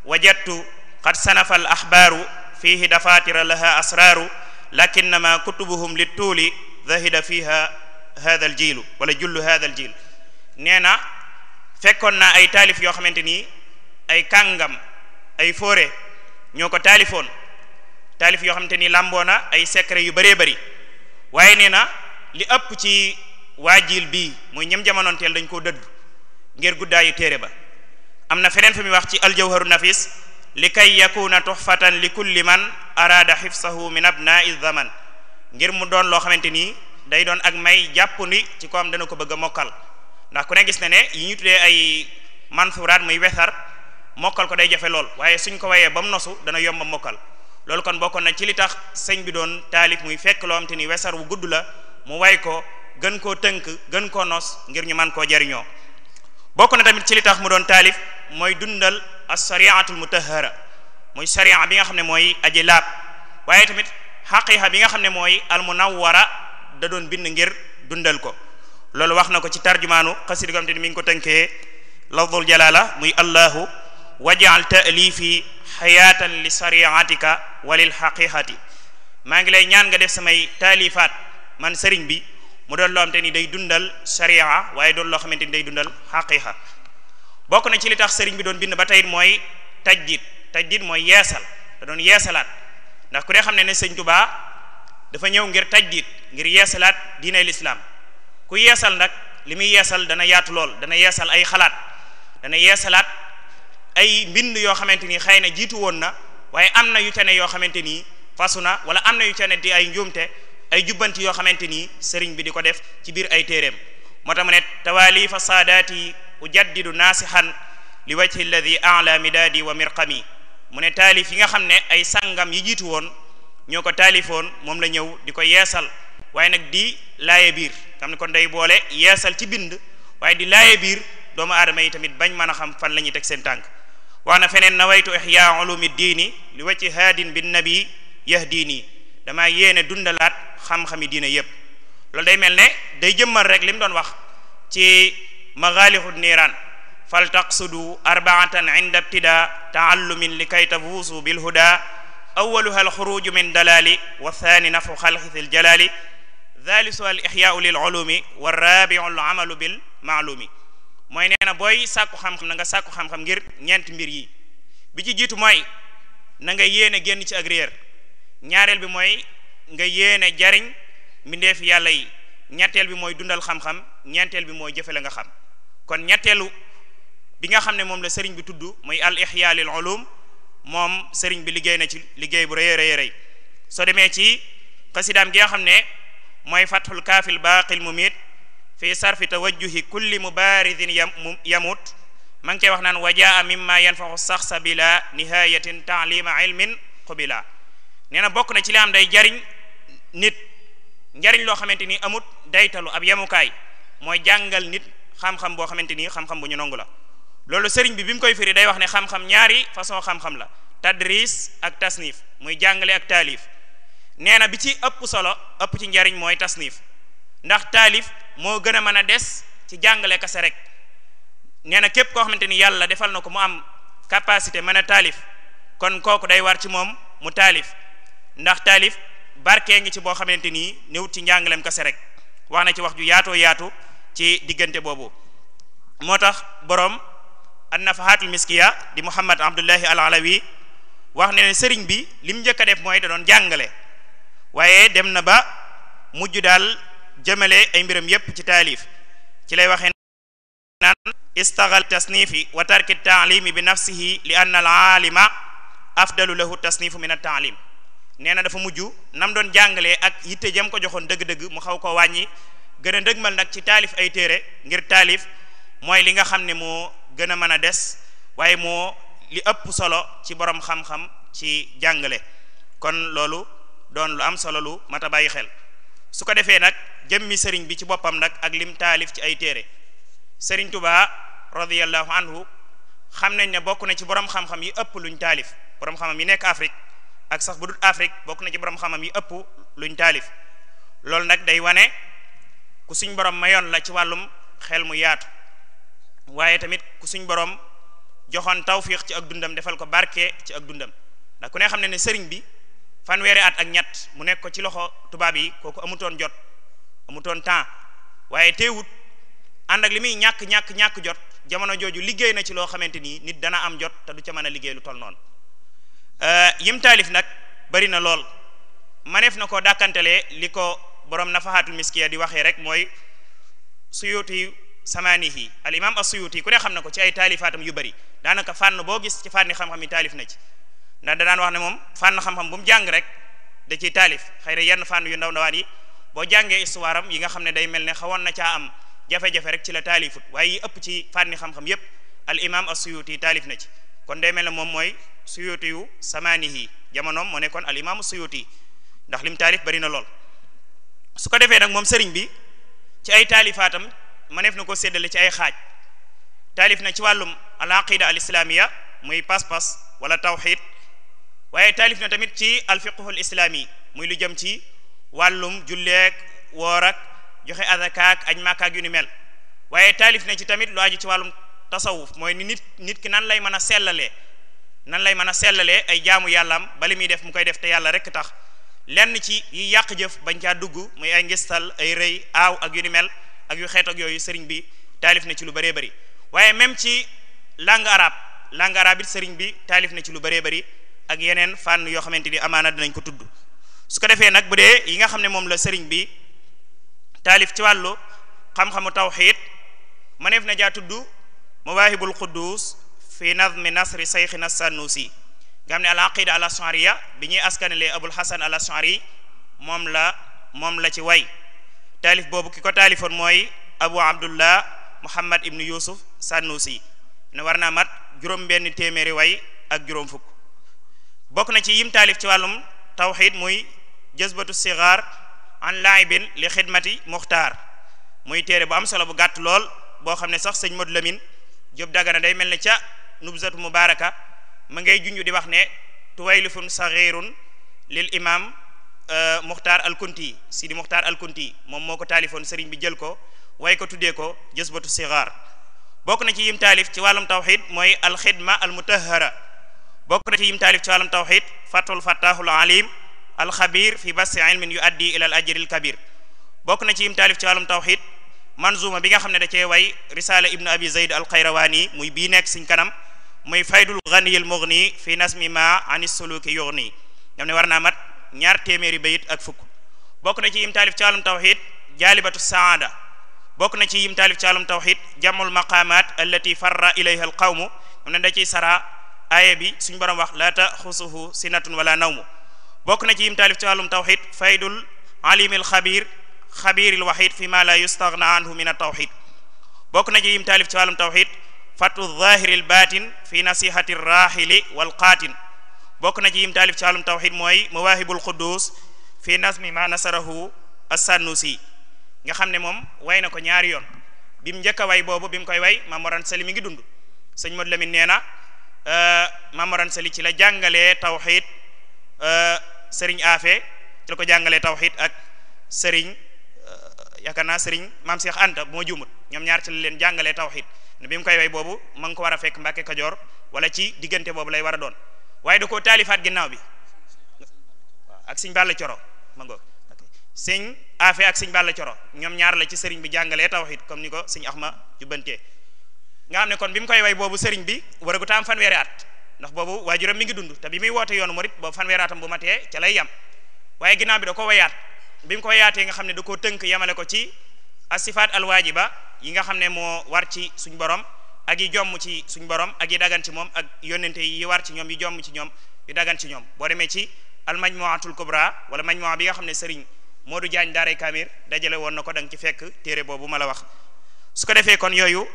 wajattu qad sanafa al axbaaru fiihi dafatira laha asraaru lakinnama kutubuhum li tuuli zahida fiha hada al jiilu wala jullu hada al jiil nee na fekkoon naa ay taalif yoo xamante nii ay kàngam ay fóore ñoo ko taalifoon taalif yoo xamante ni làmboo na ay secret yu baree bëri waaye nee na li ëpp ci waajil bii muy ñem jamonoonteel dañ koo dëdd ngir guddaayu téere ba am na feneen fi muy wax ci aljawharu nafis li kay yakuna tuxfatan li kulli man araada xifsahu min abnai zaman ngir mu doon loo xamante nii day doon ak may jàpp ni ci ko am dana ko bëgg a mokkal ndax ku ne gis na ne yi ñu tuddee ay mansuraat muy wesar mokkal ko day jafe lool waaye suñ ko wayee ba mu nosu dana yomba mokkal loolu kon bokkoon na ci li tax sëñ bi doon taalif muy fekk loo am te ni wesar wu gudd la mu way ko gën koo tënk gën ko nos ngir ñu man koo jariñoo bokk na tamit ci li tax mu doon taalif mooy dundal as-shari'atul mutahhara muy sharia bi nga xam ne mooy aji laab waaye tamit xaqiiqa bi nga xam ne mooy al munawwara da doon bind ngir dundal ko loolu wax na ko ci tarjumaanu xasida gam ni mi ngi ko tënkee lafdul jalaala muy allahu wajal ta'lifi hayatan li sariatika walil lil mangi lay ñaan nga def samay talifat man sëriñ bi mu do lo xamante ni day dundal sharia waye do lo xamanteni day dundal xaqiqa bokku na ci li tax sëriñ bi doon bind ba tey mooy tajjid tajdid mooy yeesal da doon yeesalat ndax ku ne xamne ne ne sëñ dafa ñew ngir tajjid ngir yeesalat diine l'islam ku yeesal nak limi yeesal dana yaatu lol dana yeesal ay xalaat dana yeesalat ay mbind yoo xamante ni xëy na jiitu woon na waaye am na yu ca yoo xamante ni fasu na wala am na yu ca ne di ay njuumte ay jubbanti yoo xamante ni sëriñ bi di ko def ci biir ay téeréem moo tax mu ne tawaalifa saadaati ujaddidu naasihan li wajhi alladi ala midaadi wa mirqami mu ne taalif yi nga xam ne ay sangam yi jiitu woon ñoo ko taalifoon moom la ñëw di ko yeesal waaye nag di laaye biir xam ne kon day boole yeesal ci bind waaye di laaye biir doomu aadama yi tamit bañ mën a xam fan la ñuy teg seen tànk وانا فنن نويت احياء علوم الدين لوجه هاد بالنبي يهديني دما يينه دوندلات خام خامي دين ييب لول داي ملني داي جيمر رك لم دون واخ تي مغالح النيران فلتقصدوا أربعة عند ابتداء تعلم لكي تفوزوا بالهدى أولها الخروج من دلال والثاني نفخ خلق الجلال ذلك الإحياء للعلوم والرابع العمل بالمعلوم mooy nee na booy sàkku xam-xam na nga sàkku xam ngir ñeenti mbir yi bi ci jiitu mooy na nga yéene génn ci ak ñaareel bi mooy nga yéene jariñ mbindeef yàlla yi ñetteel bi mooy dundal xam-xam ñeenteel bi mooy jëfe la nga xam kon ñetteelu bi nga xam ne moom la sëriñ bi tudd mooy al ihya ulum moom sëriñ bi liggéey na ci liggéey bu rëy rëy rëy soo demee ci xasidaam gi nga xam ne mooy fathul kaafil baaqil mumiit fi sarfi tawajjuhi kulli mubaridin yamut man ngi wax nan wajaa mimma yanfa'u shakhsa bila nihayatin ta'lima ilmin qabila neena bok na ci li am day jariñ nit jariñ loh xamanteni amut daytalu ab yamukay moy jangal nit xam-xam bo xamanteni xam-xam bu ñu nongu la loolu bi bim koy firi day wax ne xam-xam ñaari façon xam-xam la tadris ak tasnif moy jangale ak talif neena bi ci ëpp solo ëpp ci njariñ moy tasnif ndax taalif moo gën a mën a des ci jàngale kase rek nee na képp koo xamante ni yàlla defal na ko mu am capacité mën a taalif kon kooku day war ci moom mu taalif ndax taalif barke ngi ci boo xamante nii néwut ci njàngaleem kase rek wax na ci wax ju yaatoo yaatu ci diggante boobu moo tax boroom annafahatul miskiya di muhammad abdullahi al alawi wax ne ne sëriñ bi lim njëkk a def mooy da doon jàngale waaye dem na ba mujj daal jëmale ay mbiram yépp ci taalif ci lay waxee naan istagal tasnifi wa tarki taalimi bi nafsihi li anna al aalima afdalu lahu tasnifu min at-taalim nee na dafa mujj nam doon jàngalee ak yitte jam ko joxoon dëgg-dëgg mu xaw ko wàññi gën a dëgmal nag ci taalif ay téere ngir taalif mooy li nga xam ne moo gën a mën a des waaye moo li ëpp solo ci boroom xam-xam ci jàngale kon loolu doon lu am solo lu mat a bàyyi xel su ko defee nag jëmmi sëriñ bi ci boppam nag ak lim taalif ci ay téere sëriñ Tuubaa radiyallahu anhu xam nañ ne bokk na ci borom xam-xam yi ëpp luñ taalif borom xam yi nekk Afrique ak sax bu dut bokk na ci borom xam-xam yi ëpp luñ taalif loolu nag day wane ku suñ borom mayoon la ci wàllum xel mu yaatu waaye tamit ku suñ borom joxoon tawfiix ci ak dundam defal ko barke ci ak dundam ndax ku ne xam ne ne sëriñ bi fanweeri at ak ñett mu nekk ko ci loxo tubaab yi kooku amutoon jot. amutoon temps waaye teewut ànd ak li muy ñàkk ñàkk ñàkk jot jamono jooju liggéey na ci loo xamante ni nit dana am jot te du ca mën a liggéey lu toll noonu euh, yim taalif nag bari na lool maneef na ko dàkkantelee li ko borom nafahatul miskiya di waxee rek mooy suyuti samaanihi al imam as-suyuti ku ne xam na ko ci ay taalifaatam yu bari daanaka fànn boo gis ci fànni xam-xam yi taalif na ci ndax da wax ne moom fànn xam-xam bu mu jàng rek da ciy taalif na yenn fànn yu ndaw ndawaan yi boo jàngee histoire yi nga xam ne day mel ne xawoon na caa am jafe-jafe rek ci la taalifut waaye yi ëpp ci fànni xam-xam yépp al imam as-suyuti taalif na ci kon day mel ne moom mooy suyuti yu samaanihi jamonoom moo nekkoon al imam as-suyuti ndax lim taalif bari na lool su ko defee nag moom sëriñ bi ci ay taalifaatam mëneef na ko séddale ci ay xaaj taalif na ci wàllum al aqida al islaamiya muy pas-pas wala tawxid waaye taalif na tamit ci al fiqhu al islaami lu jëm ci wàllum julleek woor ak joxe azakaak añ màkkaak yu ni mel waaye taalif na ci tamit lu aju ci wàllum tasawuf mooy nit nit ki nan lay mën a sellalee nan lay mën a sellalee ay jaamu yàllaam bali muy def mu koy def te yàlla rekk tax lenn ci yi yàq jëf bañ caa dugg muy ay ngistal ay rëy aaw ak yu ni mel ak yu xeet yooyu sëriñ bi taalif na ci lu baree bëri waaye même ci langue arabe langue arabe sëriñ bi taalif na ci lu bëree bëri ak yeneen fànn yoo xamante ni amaana dinañ ko tudd su ko defee nag bu dee yi nga xam ne moom la sëriñ bi taalif ci wàllu xam-xamu ma mëneef na jaa tudd mawaahibul quddus fi nazmi nasri sayxina sannusi nga xam ne al aqida al ashariya bi ñuy askanelee abul hasan al ashari moom la moom la ci way taalif boobu ki ko taalifoon mooy abu abdullah muhammad ibnu yusuf sànnusi ne war naa mat juróom benn téeméeri way ak juróom fukk bokk na ci yim taalif ci wàllum tawxiid muy jazbatu sigaar an laibin li xidmati muxtaar muy téere bu am solo bu gàtt lool boo xam sax sëñ Modou Lamine Diop Dagana day mel ca nubzatu mubaraka ma ngay junj di wax ne tuwaylifun saxirun lil imam muxtaar alkunti sidi muxtaar alkunti moom moo ko taalifoon sëriñ bi jël ko way ko tuddee ko jazbatu sigaar bokk na ci yim taalif ci wàllum tawxid mooy alxidma almutahara bokk na ci yim taalif ci wàllum tawxid fatul fatahul alim alxabir fi basi ilmin yu addi ila al ajri al kabir bokk na ci yim taalif ci wàllum tawxid manzuma bi nga xam ne da cee way risala ibnu abi zayd al xayrawaani muy bii nekk suñ kanam muy faydul ghani al mughni fi nasmi ma an suluki yughni ngam ne war naa mat ñaar téeméeri bayit ak fukk bokk na ci yim ci wàllum tawxid jaalibatu saada bokk na ci yim ci wàllum tawxid jamul maqamat allati farra ilayha al qawmu ngam ne sara aaya bi suñ borom wax la taxusuhu sinatun wala nawmu bokk na ci yim taalif ci wàllum tawxid faydul alimil xabir xabiril waxid ma la yustaghna anhu min bokk na ci yim taalif ci wàllum tawxid fatu zahiril batin fi nasihati rahili wal qatin bokk na ci yim taalif ci wàllum mooy mawahibul quddus fi nasmi ma nasarahu as-sanusi nga xam ne moom way na ko ñaari yoon bi mu njëkk a way boobu bi mu koy way Maam seli mi ngi dund sëñ Modou Lamine nee na euh, Maam ci la jàngalee tawxid euh, sëriñ Afe ci la ko jàngalee tawxid ak sëriñ euh, yaakaar naa sëriñ maam Cheikh Anta bu ma juumut ñoom ñaar ci la leen jàngalee tawxid ne bi mu koy way boobu ma ngi ko war a fekk Mbàkke Kajoor wala ci diggante boobu lay war doon waaye da koo taalifaat ginnaaw bi ak sëñ Balla Coro ma ngoog sëñ Afe ak sëñ Balla Coro ñoom ñaar la ci sëriñ bi jàngalee tawxid comme ni ko sëñ Axma jubbantee nga xam ne kon bi mu koy way boobu sëriñ bi waragu taam fanweeri at ndax boobu waajuram mi ngi dund te bi muy woote yoonu murit boobu fanweeraatam bu matee ca lay yam waaye ginnaaw bi da ko wayaat bi mu ko wayaatee nga xam ne da koo tënk yemale ko ci asifaat alwaajiba yi nga xam ne moo war ci suñ borom ak yi jomm ci suñ borom ak yi dagan moom ak yónnente yi ci ñoom yi jomm ci ñoom dagan ci boo demee ci almajmuatul kubra wala majmua bi nga xam ne sëriñ du jaañ daaray Kamir dajale woon na ko danga ci fekk téere boobu ma la wax su ko defee kon yooyu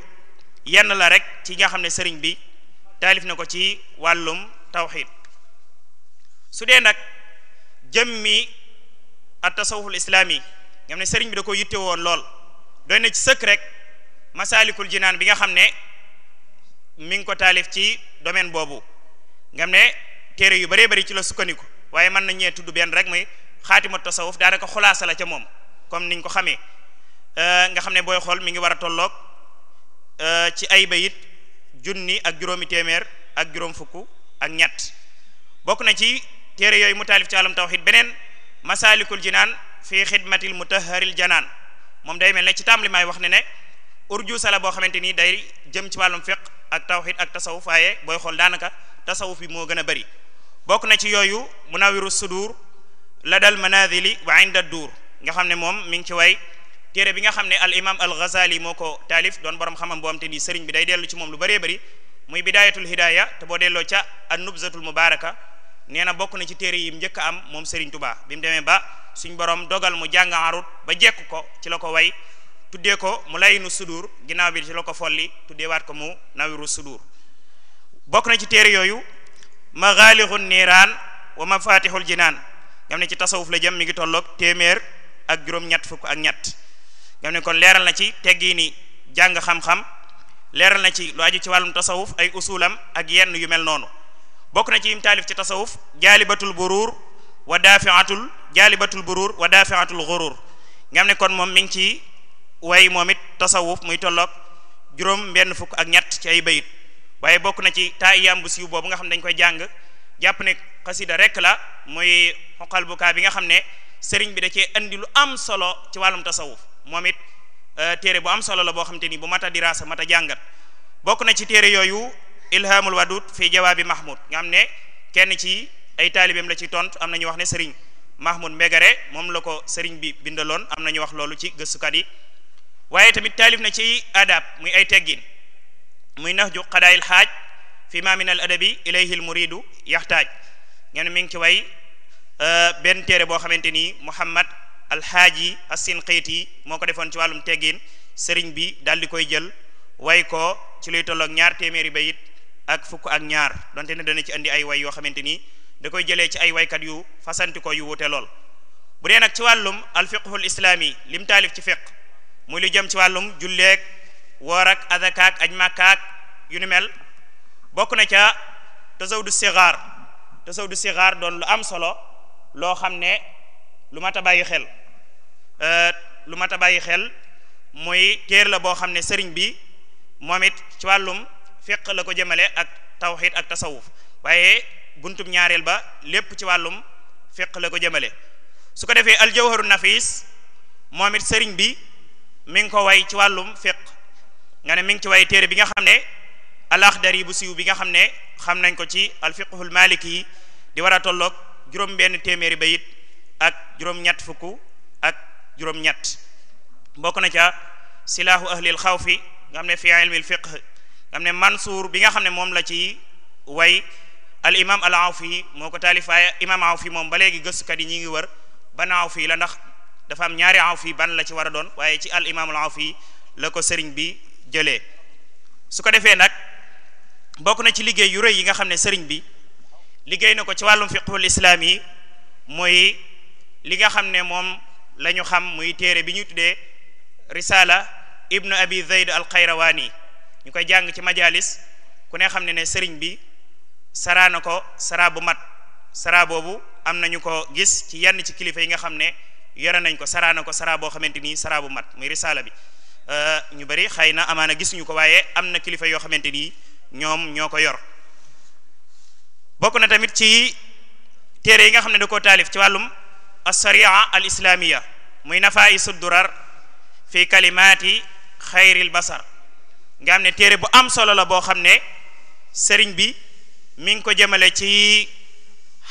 yenn la rek ci nga xam ne sëriñ bi taalif na ko ci wàllum tawxid su dee nag jëmmi at tasawuful islaami nga xam ne sëriñ bi da ko yitte woon lool doy na ci sëkk rek masaalikul jinaan bi nga xam ne mu ngi ko taalif ci domaine boobu ngam ne téere yu bëree bëri ci la sukkandiku waaye mën na ñee tudd benn rek mooy xaatima tasawuf daanaka xulaasa la ca moom comme niñ ko xamee nga xam ne booy xool mi ngi war a tolloog eh, ci ay bayit junni ak juróomi téeméer ak juróom fukk ak ñett bokk na ci téere yooyu mu taalif ci alam tawxid beneen masaalikul jinaan fi xidmatil mutahharil janaan moom day mel ne ci taam li may wax ne ne urju sala boo xamante ni day jëm ci wàllum fiq ak tawxid ak tasawuf booy xool daanaka tasawuf bi moo gën a bari bokk na ci yooyu munawiru sudur la dal manadili wa inda duur nga xam ne moom mi ngi ci way tere bi nga al imam al ghazali moko talif don borom xamam bo am tane serigne bi day delu ci mom lu bëree bëri muy bidayatul hidaya te bo delo ca an nubzatul mubaraka neena na na ci téere yi mu am mom serigne touba bi mu ba suñ borom dogal mu jang arut ba jekk ko ci lako way tuddee ko mu laynu sudur ginaaw bi ci lako folli folli wat ko mu nawiru sudur bokku na ci téere yoyu maghalihun niran wa mafatihul jinan ngam ne ci tasawuf la jëm mi ngi tolloog téeméer ak juroom ñett fuk ak ñam ne kon leral na ci teggini jang xam-xam leral na ci lu aju ci walum tasawuf ay usulam ak yenn yu mel nonu bokk na ci im talif ci tasawuf jalibatul burur wa dafi'atul jalibatul burur wa dafi'atul ghurur ñam ne kon mom mi ngi ci way momit tasawuf muy tolok juróom benn fuk ak ñatt ci ay bayit waye bokk na ci taayam bu siw bobu nga xam dañ koy jang japp ne qasida rek la muy xoqal bi nga xam ne serigne bi da ci andi lu am solo ci walum tasawuf Muhammad eh, téré bu am solo la bo xamanteni bu mata dirasa mata jangat bokku na ci téré yoyu ilhamul wadud fi mahmud nga amne kenn ci ay talibem la ci tontu amna ñu wax ne serigne mahmud megare momloko la ko sëriñ bi bindalon amna ñu wax lolu ci geussu kadi waye tamit talib na ci adab muy ay teggin muy nahju qada'il haj fi ma min al adabi ilayhi al muridu yahtaj ngeen mi ngi ci way euh ben téré bo xamanteni muhammad alxaaji as-Sinqiiti moo ko defoon ci wàllum teggin sëriñ bi daal di koy jël way ko ci luy tolloog ñaar téeméeri bayit ak fukk ak ñaar donte ne dana ci indi ay way yoo xamante ni da koy jëlee ci ay waykat yu fasanti ko yu wute lool bu dee nag ci wàllum alfiqhul islaami lim taalif ci fiq muy lu jëm ci wàllum julleek woor ak adakaak aj màkkaak yu nu mel bokk na ca tasawdu sigaar tasawdu sigaar doon lu am solo loo xam ne lu mat a bàyyi xel euh, lu mat bàyyi xel muy téer la boo xam ne sëriñ bi moom it ci wàllum fiq la ko jëmale ak tawxid ak tasawuf waaye buntub ñaareel ba lépp ci wàllum fiq la ko jëmale su ko defee al aljawharu nafis moom it sëriñ bi mi ngi ko way ci wàllum fiq nga ne mi ngi ci way téere bi nga xam ne alaxdari bu siiw bi nga xam ne xam nañ ko ci alfiqhul maliki yi di war a tolloog juróom benn téeméeri bayit ak juróom-ñett fukk ak juróom-ñett bokk na ca silaahu ahlil xawfi nga xam ne fi ilmil fiqh nga bi nga xam ne moom la ci way al imam moo ko taalifaay imam awfi moom ba léegi gëstukat yi ñu ngi wër ban awfi la ndax dafa am ñaari awfi ban la ci war a doon waaye ci al imam al la ko sëriñ bi jëlee su ko defee nag bokk na ci liggéey yu rëy yi nga xam ne sëriñ bi liggéey na ko ci wàllum fiqhul islaam mooy li nga xam ne moom la xam muy téere bi ñu tuddee risala ibnu abi zayd al xayrawaani ñu koy jàng ci majalis ku ne xam ne ne sëriñ bi saraana ko saraa bu mat saraa boobu am nañu ko gis ci yenn ci kilifa yi nga xam ne yore nañ ko saraana ko saraa boo xamante ni saraa bu mat muy risala bi ñu bari xëy na amaana gisuñu ko waaye am na kilifa yoo xamante ni ñoom ñoo ko yor bokk na tamit ci téere yi nga xam ne da koo taalif ci wàllum alsharia al islaamia muy nafaayi suddurar fi kalimaati xayril basar nga ne téere bu am solo la boo xam ne sëriñ bi mi ngi ko jëmale ci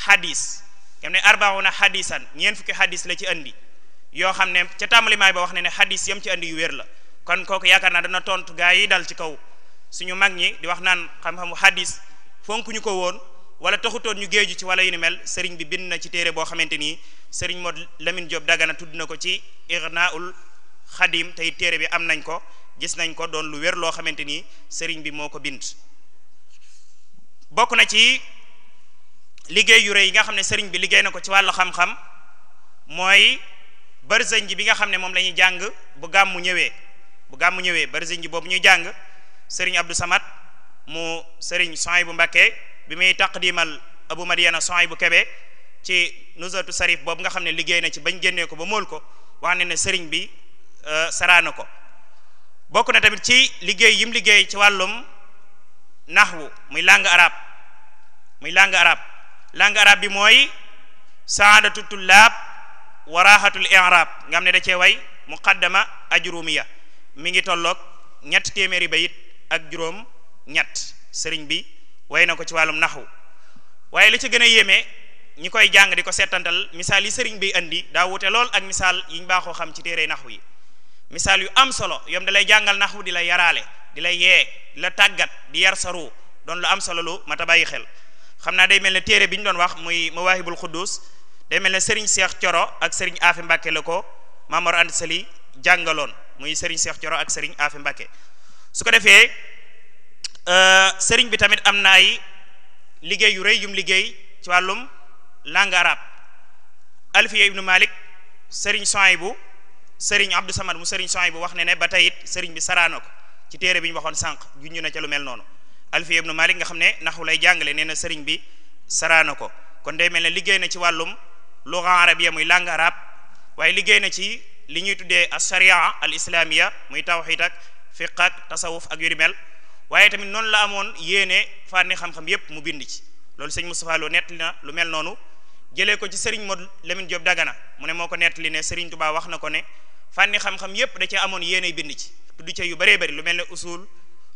xadis nga xam ne arbauna xadisan ñeent fukki xadis la ci andi yoo xam ne ca tàmbalimaay ba wax ne ne xadis yam ci andi yu wér la kon kooku yaakaar naa dana tontu gaa yi dal ci kaw suñu mag ñi di wax naan xam-xamu xadis fonk ñu ko woon wala taxutoon ñu géeju ci wala yu ni mel sëriñ bi bind na ci téere boo xamante nii sëriñ Mod Lamine Diop Dagana tudd na ko ci Irnaul Xadim tey téere bi am nañ ko gis nañ ko doon lu wér loo xamante nii sëriñ bi moo ko bind bokk na ci liggéey yu rëy yi nga xam ne sëriñ bi liggéey na ko ci wàllu xam-xam mooy barzanj bi nga xam ne moom lañuy jàng bu gàmmu ñëwee bu gàmmu ñëwee barzanj boobu ñuy jàng sëriñ Abdou Samad mu sëriñ bu Mbakke bi muy taqdimal abu madiana soy bu kebe ci nusatu sarif boobu nga xam ne liggéey na ci bañ génnee ko ba mool ko wax ne ne sëriñ bi euh, saraana ko bokk na tamit ci liggéey yim liggéey ci wàllum naxwu muy làng arabe muy langue arabe langue arabe bi mooy saadatu tullaab waraahatul i'rab nga xam ne da cee way muqaddama ajrumiya mi ngi tollook ñett téeméeri bayit ak juróom ñett sëriñ bi way na ko ci walum nahwu waaye li ci gëna yéme yéeme ñi koy jàng di yi sëriñ bi andi da wuté lool ak yi ñu xam ci téré nahwu yi misal yu am solo yom da jangal nahwu dila di dila yaraale di la yee di la tàggat di yar saru don lu am solo lu mata bayi xel xamna day melni téré biñ bi doon wax muy mawahibul khudus day melni sëriñ cheikh cioro ak sëriñ afi mbacké lako mamor Maamor Sali jangalon muy sëriñ cheikh cioro ak sëriñ afi mbacké su ko Euh, sëriñ bi tamit am na ay liggéey yu rëy yum liggéey ci wàllum langue arabe alfiya ibnu malik sëriñ bu sëriñ Abdou Samad mu sëriñ bu wax ne ne ba tey it sëriñ bi saraano ko ci téere bi ñu waxoon sànq junj na ca lu mel noonu alfiya ibnu malik nga xam ne naxu lay jàngale nee na sëriñ bi saraano ko kon day mel ne liggéey na ci wàllum luga arabiya muy langue arabe waaye liggéey na ci li ñuy tuddee as sharia al islamiya muy tawxid ak fiq ak waye tamit non la amone yene fane fànni xam-xam yep mu bind ci lolou serigne Moustapha Lo nettali na lu mel nonou jele ko ci serigne Modou Lamine Diop Dagana mune moko moo ko ne sëriñ Touba wax na ko ne fane xam xam-xam yep da ci amone yene bind ci tuddu ci yu bare bare lu melne usul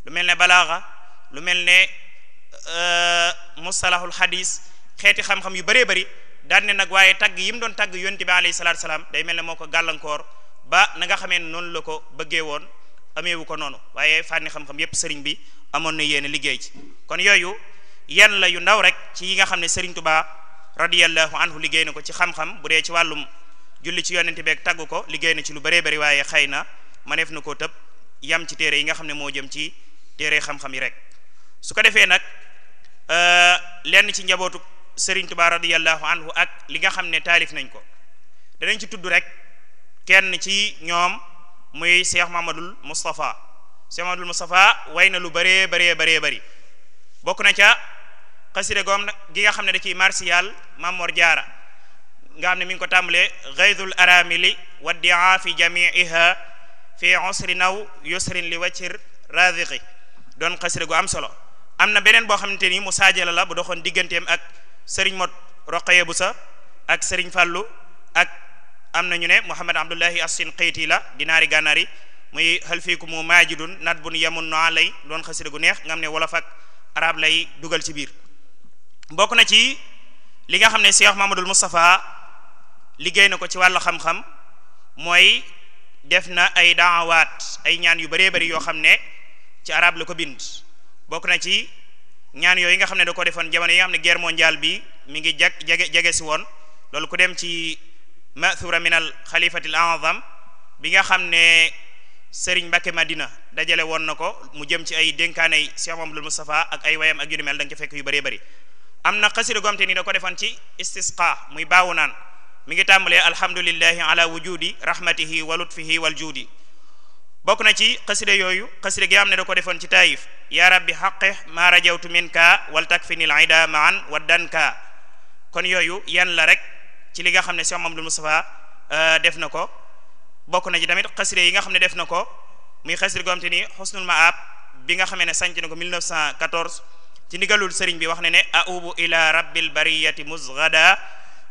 lu melne balagha lu melne euh mustalahul hadith xeti xam-xam yu bare bare dal ne nak waye tag yim don tag yonnti bi alayhi salatu wassalam day melne moko galankor ba nga xamene non la ko bëggee ameewu ko noonu waaye fànni xam-xam yépp sëriñ bi amoon na yéen liggéey ci kon yooyu yan la yu ndaw rek ci yi nga xam ne sëriñ Tuubaa radiyallahu anhu liggéey na ko ci xam bu dee ci wàllum julli ci yonente beeg tagg ko liggéey na ci lu bëree bëri waaye xëy na maneef na koo tëb yam ci téere yi nga xam ne moo jëm ci téere xam-xam yi rek su ko defee nag euh, lenn ci njabootu sëriñ Tuubaa radiyallahu anhu ak li nga xam ne taalif nañ ko danañ ci tudd rek kenn ci ñoom muy Cheikh Mamadul Moustapha Cheikh Mamadul Moustapha way na lu bëree bëree bëree bari bokk na ca xasida goom gi nga xam ne da ciy marsiyal Mamor Jaara nga xam ne mi ngi ko tàmbalee gaydul aramili waddia fi jamiiha fi usri naw yusrin li waccir raziqi doon xasida gu am solo am na beneen boo xamante ni mu saajala la bu doxoon digganteem ak sëriñ Mot Roqaye bu sa ak sëriñ Fàllu ak am na ñu ne muhammad abdullahi as-sinqiiti la dinaari gànnaar yi muy hal fiikum maajidun nat bun yamun no lay doon xasida gu neex nga xam ne wolof ak arab lay dugal ci biir bokk na ci li nga xam ne Cheikh Mamadul Moustapha liggéey na ko ci wàllu xam mooy def na ay daawaat ay ñaan yu bëree bëri yoo xam ne ci arab la ko bind bokk na ci ñaan yooyu nga xam ne da ko defoon jamono yi am xam ne guerre mondiale bi mi ngi jag jege jege si woon loolu ku dem ci mathura min al xalifatil azam bi nga xam ne sëriñ Mbacke Madina dajale woon na ko mu jëm ci ay dénkaanay Cheikh Mamadou Moustapha ak ay wayam ak yu ni mel da nga ca fekk yu bëree bëri am na xasida gomte ni da ko defoon ci istisqa muy baawu naan mi ngi tàmbalee alhamdulillahi ala wujudi rahmatihi wa lutfihi wal juudi bokk na ci xasida yooyu xasida gi am ne da ko defoon ci taayif ya rabbi xaqe maa rajawtu minka wal takfinil ida maan waddanka kon yooyu yan la rek ci li nga xamne Cheikh Mamadou Moustapha def nako bokku na ci tamit xasida yi nga xamne def nako muy xasida go xam ni maab bi nga xamne ne sànc 1914 ci ndigalul sëriñ bi wax ne ne aubu ila rabbil bariyati musgada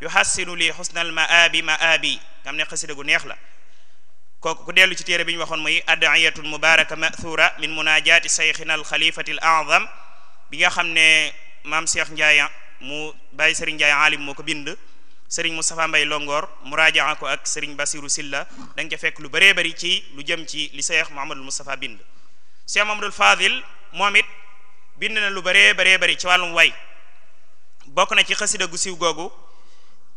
yuhassinu li husnal maabi maabi xamne xam gu neex la koku ku delu ci tere biñ waxon muy addiyatul mubaraka mathura min munajati shaykhina al khalifati al azam bi nga xamne mam Cheikh Ndiaye mu baye serigne Ndiaye alim moko bind sëriñ Moustapha Mbay Longoor muraajaa ko ak sëriñ Basiru Silla da nga ca fekk lu bëree bari ci lu jëm ci li Cheikh Mouhamadul Moustapha bind Cheikh Mouhamadul Fadil moom it bind na lu bëree bëree bari ci wàllum way bokk na ci xasida gu siiw googu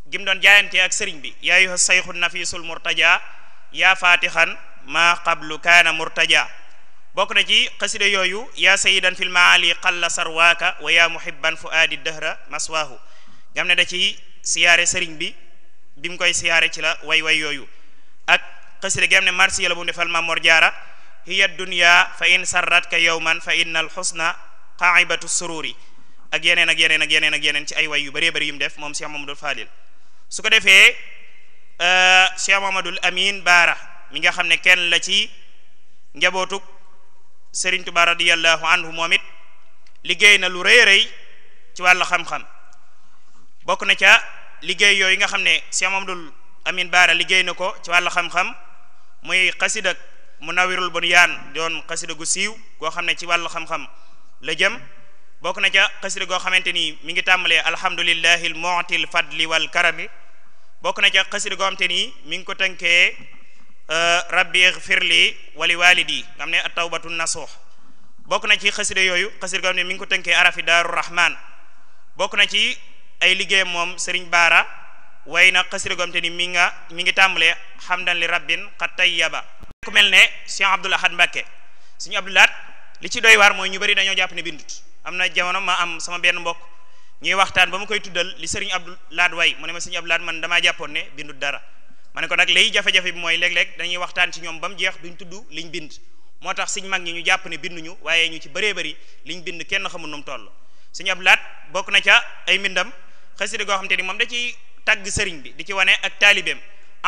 gim doon jaayante ak sëriñ bi yaa yuha sayxu nafisul murtaja ya fatixan ma qablu kaana murtaja bokk na ci xasida yooyu ya sayidan fil maali qalla sarwaaka wa yaa muhibban fuaadi dëhra maswaahu gam ne da ci siyaare sëriñ bi bi mu koy siyaare ci la way way yooyu ak xasida gi am ne marsi la bu defal Mamor Jaara hiya dunya fa in sarratka yawman fa innal husna qaibatu sururi ak yeneen ak yeneen ak yeneen ak yeneen ci ay way yu bëree bëri yu mu def moom Cheikh Mamadou Fadil su ko defee euh, Cheikh Mamadou Amin Baara mi nga xam ne kenn la ci njabootuk Serigne Touba radiyallahu anhu moom it liggéey na lu rëy rëy ci wàllu xam-xam bokk liggéey yooyu nga xam ne Cheikh Mamadou Amine Baara liggéey na ko ci wàllu xam-xam muy xasida Munawwirul Bunyaan doon xasida gu siiw goo xam ne ci wàllu xam-xam la jëm bokk na ca xasida goo xamante ni mi ngi tàmbalee alhamdulillahi al mu'til fadli wal karami bokk na ca xasida goo xamante ni mi ngi ko tënkee euh, rabbi ighfirli wali walidi nga xam ne at-tawbatu nasuux bokk na ci xasida yooyu xasida goo xam ne mi ngi ko tënkee arafi daaru rahman bokk na ci ay liggéey moom serigne bara wayna qasri gom tani ni mi nga mi ngi tàmbale xamdan li rabbin xat tayyaba ku melne Cheikh abdullah had Mbacké suñu abdullah li ci doy war moy ñu bari dañu japp ne bindut amna na jamono ma am sama benn mbokk ñuy waxtaan ba mu koy tuddal li serigne abdullah way mo ne ma serigne abdullah man dama jappone ne bindut dara mané konak ko nak lay jafé jafé moy lég lég dañuy waxtaan ci ñom bam jeex duñ tuddu liñ bind motax tax mag ñi ñu japp ne ñu waaye ñu ci bëree bëri liñ bind kenn xamul num toll suñu na ca ay mindam xasida goo xam te moom da ciy tagg sëriñ bi di ci wane ak taalibeem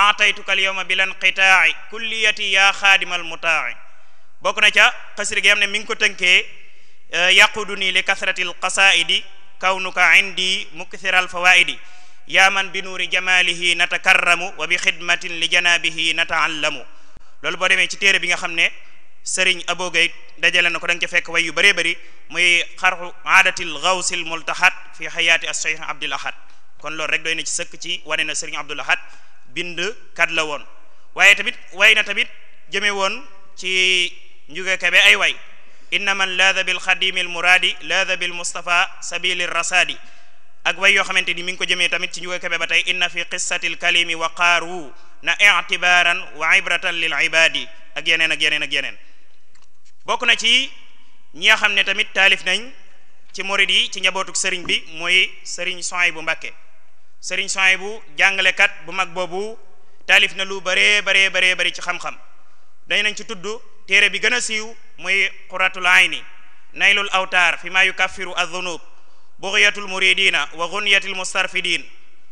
ataytukal yawma bilan qitaa'i kulliyati yaa xaadimal mutaa'i bokk na ca xasida gi am ne mi ngi ko tënkee yaquduni li kasratil qasaa'idi kawnuka indi mukthiral fawaa'idi bi nuuri jamaalihi natakarramu wa bi xidmatin li janaabihi nata'allamu loolu boo demee ci téere bi nga xam ne sëriñ Abo Guèye dajale na ko da nga ca fekk way yu bëree bëri muy xarxu aadatil gawsil multahat fi xayaati as cheikh Abdul Ahad kon loolu rek doy na ci sëkk ci wane na sëriñ Abdul Ahad bind kat la woon waaye tamit way na tamit jëme woon ci njuge kebe ay way inna man laada bil xadimil muraadi laada bil mustafa sabili rasaadi ak way yoo xamante ni mi ngi ko jëmee tamit ci njuge kebe ba tey inna fi qissatil kalimi wa qaaru na ictibaaran wa ibratan lil ibaadi ak yeneen ak yeneen ak yeneen bokk na ci ñi nga xam ne tamit taalif nañ ci morit ci njabootuk sëriñ bi mooy sëriñ Sohaybu bu Mbàkke sëriñ Sohaybu bu kat bu mag boobu taalif na lu baree baree baree bari ci xam-xam dañ nañ ci tudd téere bi gën a siiw mooy quratul ayni naylul awtaar fi maa yukaffiru adunub bughyatul muridina wa ghunyatil mustarfidin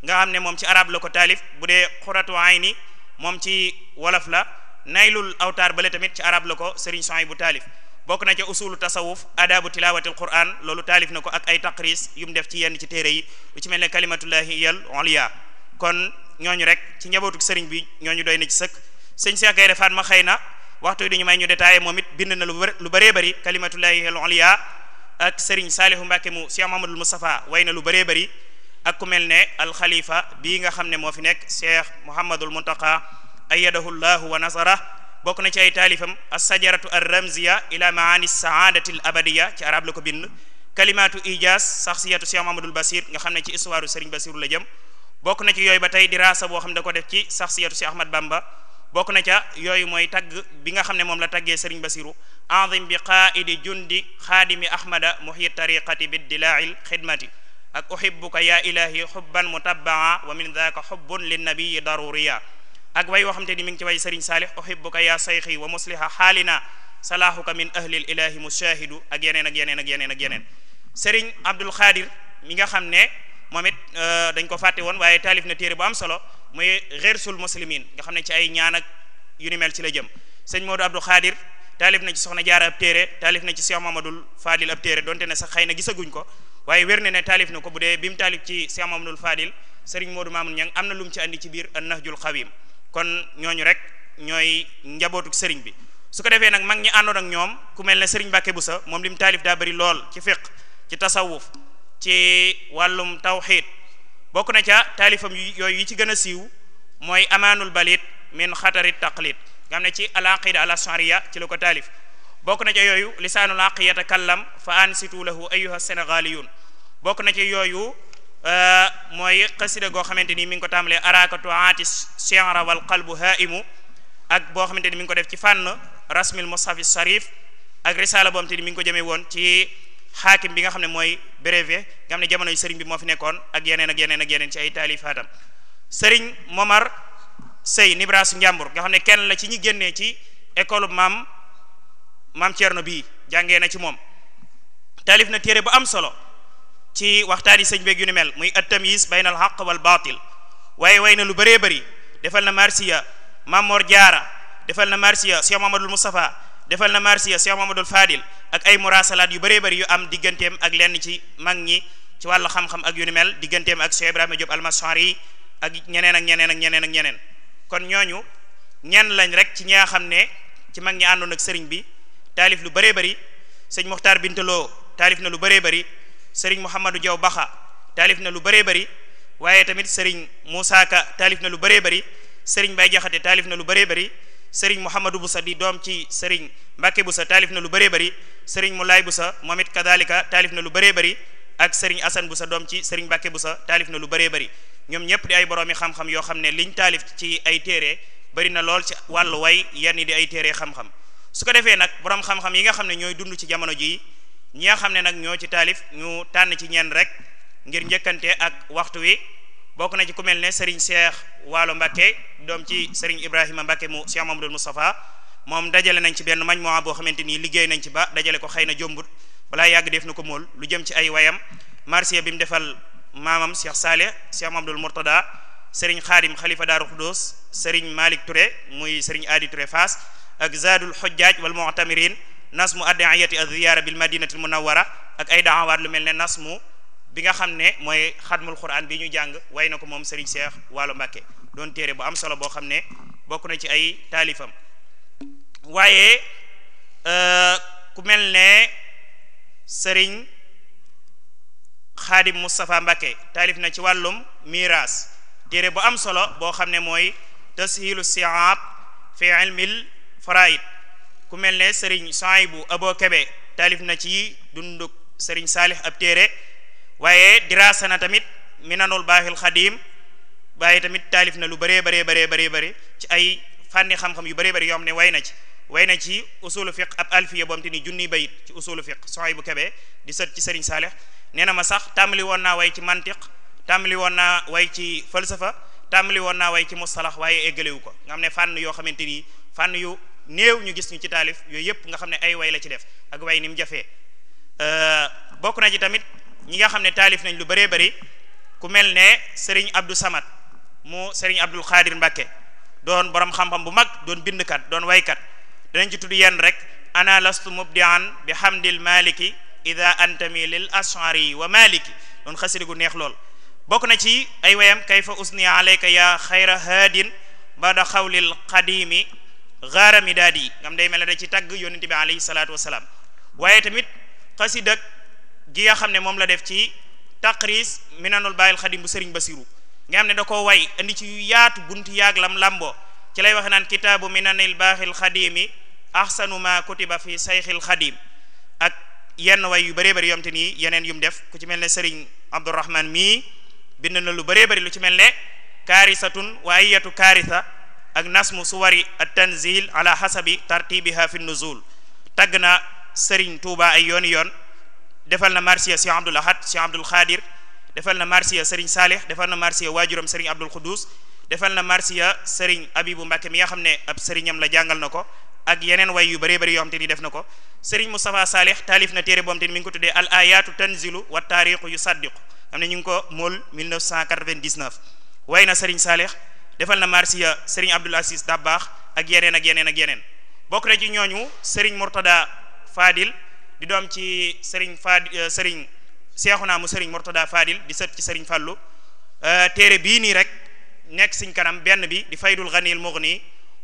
nga xam ne moom ci arab la ko taalif bu dee quratu ayni moom ci wolof la naylul awtaar bale tamit ci arab la ko sëriñ soy bu taalif bokk na ca usulu tasawuf adabu tilawatil quran loolu taalif na ko ak ay taqris yu def ci yenn ci téere yi lu ci mel ne kalimatullahi yal oliya kon ñooñu rek ci njabootuk sëriñ bi ñooñu doy na ci sëkk sëñ Cheikh Gaynde Fatma xëy na waxtu yi duñu may ñu détaillé moom it bind na lu bëree bëri kalimatullahi al oliya ak sëriñ saalihu mbàkke mu Cheikh Mahamadul Moustapha na lu bëree bëri ak ku mel ne bii nga xam ne moo fi nekk Cheikh Mouhamadul Muntaqa ayadahu llahu wa nasara bokk na ci ay taalifam assajaratu arramziya ila maani saadati l abadiya ci arab la ko bind kalimatu ijaas saxsiyatu cheikh mahamadul basir nga xam ne ci histoire sëriñ basiru la jëm bokk na ci yooyu ba tey diraasa boo xam ne da ko def ci saxsiyatu cheikh ahmad bamba bokk na ca yooyu mooy tagg bi nga xam ne moom la taggee sëriñ basiru anzim bi qaidi jundi xaadimi ahmada muhyi tariqati biddilaail xidmati ak uhibbuka ya ilahi hubban mutabaa ak way woo xam ni mi ngi ci way sëriñ saalix uhibbuka yaa sayxi wa musliha xaalina salaahuka min ahlil ilahi mushaahidu ak yeneen ak yeneen ak yeneen ak yeneen sëriñ abdul xaadir mi nga xam ne moom it euh, dañ ko fàtte woon waaye taalif na téere bu am solo muy xersul muslimin nga xam ne ci ay ñaan ak yu ni mel ci la jëm sëñ Modou Abdou xaadir taalif na ci soxna jaara ab téere taalif na ci Cheikh Mamadou Fadil ab téere donte ne sax xëy na gisaguñ ko waaye wér na ne taalif na ko bu dee bi mu taalif ci Cheikh Mamadou Fadil sëriñ Modou Mamoun Niang am na lu mu ci andi ci biir an nahjul xawim kon ñooñu rek ñooy njabootuk sëriñ bi su ko defee nag mag ñi àndoon ak ñoom ku mel ne sëriñ bu sa moom lim taalif daa bari lool ci fiq ci tasawuf ci wàllum tawxiid bokk na ca taalifam yooyu yi ci gën a siiw mooy amaanul balit min xatari taqlid nga xam ne ci alaqida ala al ci la ko taalif bokk na ca yooyu lisaanul aqiyata kallam fa ansitu lahu ayyuha sénégaliyun bokk na ca yooyu Euh, mooy xasida goo xamante ni mi ngi ko tàmbalee araka tuaati siara wal qalbu haimu ak boo xamante ni mi ngi ko def ci fànn rasmil mushafi sarif ak risala boo xamante ni mi ngi ko jëmee woon ci hakim bi nga xam ne mooy brevet nga xam ne jamono yu sëriñ bi moo fi nekkoon ak yeneen ak yeneen ak yeneen ci ay taalifaatam sëriñ Momar Sey Nibraas Njàmbur nga xam ne kenn la ci ñi génnee ci école mam mam Thierno bii jàngee na ci mom taalif na téere bu am solo ci waxtani sëñ beug yu mel muy atamis tamyiz al-haqq wal batil waaye way na lu bëree bëri defal na marsiya Mamor Jaara defal na marsiya Cheikh mamadou mustafa defal na marsiya Cheikh mamadou Fadil ak ay murasalat yu bëree yu am digentem ak len ci mag ñi ci wàllu xam-xam ak yu mel digentem ak Cheikh Ibrahima Diop almasari ak ñeneen ak ñeneen ak ñeneen ak ñeneen kon ñoñu ñen lañ rek ci ñaa xamne ci mag ñi àndoon ak bi talif lu bëree bëri sëñ Muxtaar bintelo talif na lu sëriñ Mouhamadou Diaw Baxa taalif na lu bëree bari waaye tamit sëriñ Moussa Ka taalif na lu bëree bari sëriñ Baye Jaxate taalif na lu bëree bëri sëriñ Mouhamadou Boussa di doom ci sëriñ Mbacke Boussa taalif na lu bëree bëri sëriñ Moulay Boussa moom it kadalika taalif na lu bëree bari ak sëriñ bu Boussa doom ci sëriñ bu Boussa taalif na lu bëree bari ñoom ñëpp di ay boroomi xam-xam yoo xam ne liñ taalif ci ay téere bëri na lool ci wàll way yenn di ay téere xam-xam su ko defee nag borom xam-xam yi nga xam ne ñooy dund ci jamono jii ñi nga xam ne nag ñoo ci taalif ñu tànn ci ñenn rek ngir njëkkante ak waxtu wi bokk na ci ku ne Serigne Cheikh Waalo Mbacke doom ci Serigne Ibrahima Mbacke mu Cheikh Mamadou Moustapha moom dajale nañ ci benn mañ moo boo xamante ni liggéey nañ ci ba dajale ko xëy na jombut balaa yàgg def na ko mool lu jëm ci ay wayam marsiya bi mu defal maamam Cheikh Saleh Cheikh Mamadou Mourtada Serigne Khadim Khalifa Darou Khoudoss Serigne Malick Touré muy Serigne Adi Touré Fass ak Zadul Hujjaj wal Mu'tamirin nas mu addaiyati aziyaara bil madinati al munawwara ak ay daawaat lu mel ne nas mu bi nga xam ne mooy xadmul quran bi jàng way na ko moom Serigne Cheikh Waalo Mbàkke doon téere bu am solo boo xam ne bokk na ci ay taalifam waaye euh, ku mel ne Serigne Xaadim Moustapha Mbàkke taalif na ci wàllum miiras téere bu am solo boo xam ne mooy tashilu siab fi ilmil faraid ku mel ne sëriñ Sohaybu Abo Kebe taalif na ci dunduk sëriñ Saalix ab téere waaye diraasa na tamit minanul baaxil xadiim waaye tamit taalif na lu bëree bëree bëree bëree bëri ci ay fànni xam-xam yu bare bëri yoom ne way na ci way na ci usulu fiq ab alfiya boo am te ni junniy bayit ci usulu fiq bu Kebe di sët ci sëriñ Saalix nee na ma sax tàmbali woon naa way ci mantiq tàmbali woon naa way ci falsafa tàmbali woon naa way ci mustalax waaye eggalewu ko nga xam ne fànn néew ñu gis ñu ci taalif yooyu yëpp nga xam ne ay way la ci def ak way ni mu jafee euh, bokk na ci tamit ñi nga xam ne taalif nañ lu bëree bëri ku mel ne Serigne Abdou Samad mu Serigne Abdul Xaadir Mbàkke doon borom xam-xam bu mag doon bindkat doon waykat danañ ci tudd yenn rek ana lastu an bi hamdil maliki ida antami lil ashari wa maliki doon xasida neex lool bokk na ci ay wayam kayfa usni alayka ya xayra haadin bada xawlil qadimi xaara midaadi ngam day mel ci tag yonnati bi alayhi salatu wassalam waye tamit xasida gi nga xamne ne la def ci taqris minanul bàyyil khadim bu sëriñ basiru nga xamne dako way andi ci yaatu buntu yaag lam lambo ci lay wax nan kitaabu minanil bahil khadim ahsanu ma kutiba fi sayhil khadim. ak yenn way yu bare bare yom tani yenen yum def ku ci melne serigne sëriñ abdourahman mii bind lu bare bare lu ci melne karisatun ak nasmu suwari at tanzil ala hasabi tartibiha fi nuzul tagna serigne sëriñ Touba ay yooni yon defal na marsiya Cheikh abdul Ahad Cheikh abdul Khadir defal na marsiya sëriñ salih defal na marsiya wajuram sëriñ abdul Khoudous defal na marsiya sëriñ Abibu mbake mi nga ab sëriñam la jàngal nako ak yenen way yu bëree bëri yo xam def nako serigne sëriñ Moustapha Saalih talif na tere boo xam mi ngi ko al ayatu tanzilu wa taariqu yusaddiq xam ñu ko mol 1999 wayna serigne sëriñ defal na marsiya Serigne Abdoul Aziz Dabakh ak yeneen ak yeneen ak yeneen bokk na ci ñooñu Serigne Mourtada Fadil di doom ci Serigne Fadil euh, Serigne Seexuna mu Serigne Mourtada Fadil di sët ci Serigne Fallou euh, téere bii nii rek nekk siñ kanam benn bi di faydul ghani al mughni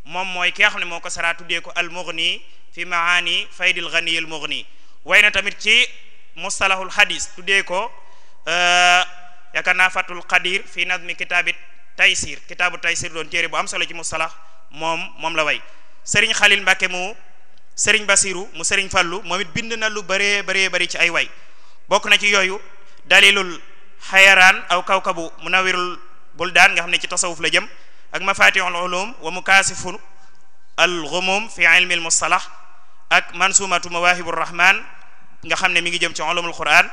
moom mooy ki nga xam ne moo ko saraa tuddee ko al mughni fi maani faydul ghani al mughni way na tamit ci mustalahul hadis tuddee ko euh, yaakaar naa fatul qadir fi nadmi kitabit taysir kitabu taysir don téré bu am solo ci musalah mom mom la way sëriñ khalil mbake mu sëriñ basiru mu serigne fàllu momit bind na lu bare bare bare ci ay way bok na ci yoyu dalilul hayran aw kawkabu munawirul buldan nga xamne ci tasawuf la jëm ak mafatihul ulum wa mukaasifu al ghumum fi ilmi al mustalah ak mansumatu mawahibur rahman nga xamne mi ngi jëm ci ulumul quran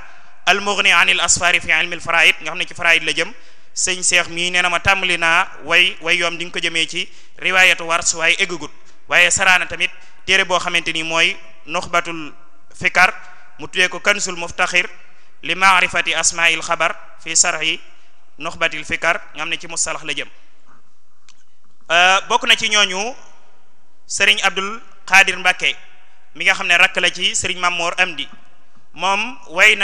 al mughni anil asfari fi ilmi al faraid nga xam ci faraid la jëm sëñ seex mii nee na ma tàmbali naa way way yoom di nga ko jëmee ci riwaayatu wars waaye eggagut waaye saraana tamit téere boo xamante ni mooy noxbatul fikar mu tuddee ko kansul muftaxir li maarifati asmail xabar fi yi noxbatil fikar nga xam ne ci mustalax la jëm euh, bokk na ci ñooñu sëriñ abdul xaadir mbàkke mi nga xam ne rakk la ci sëriñ mamoor amdi moom way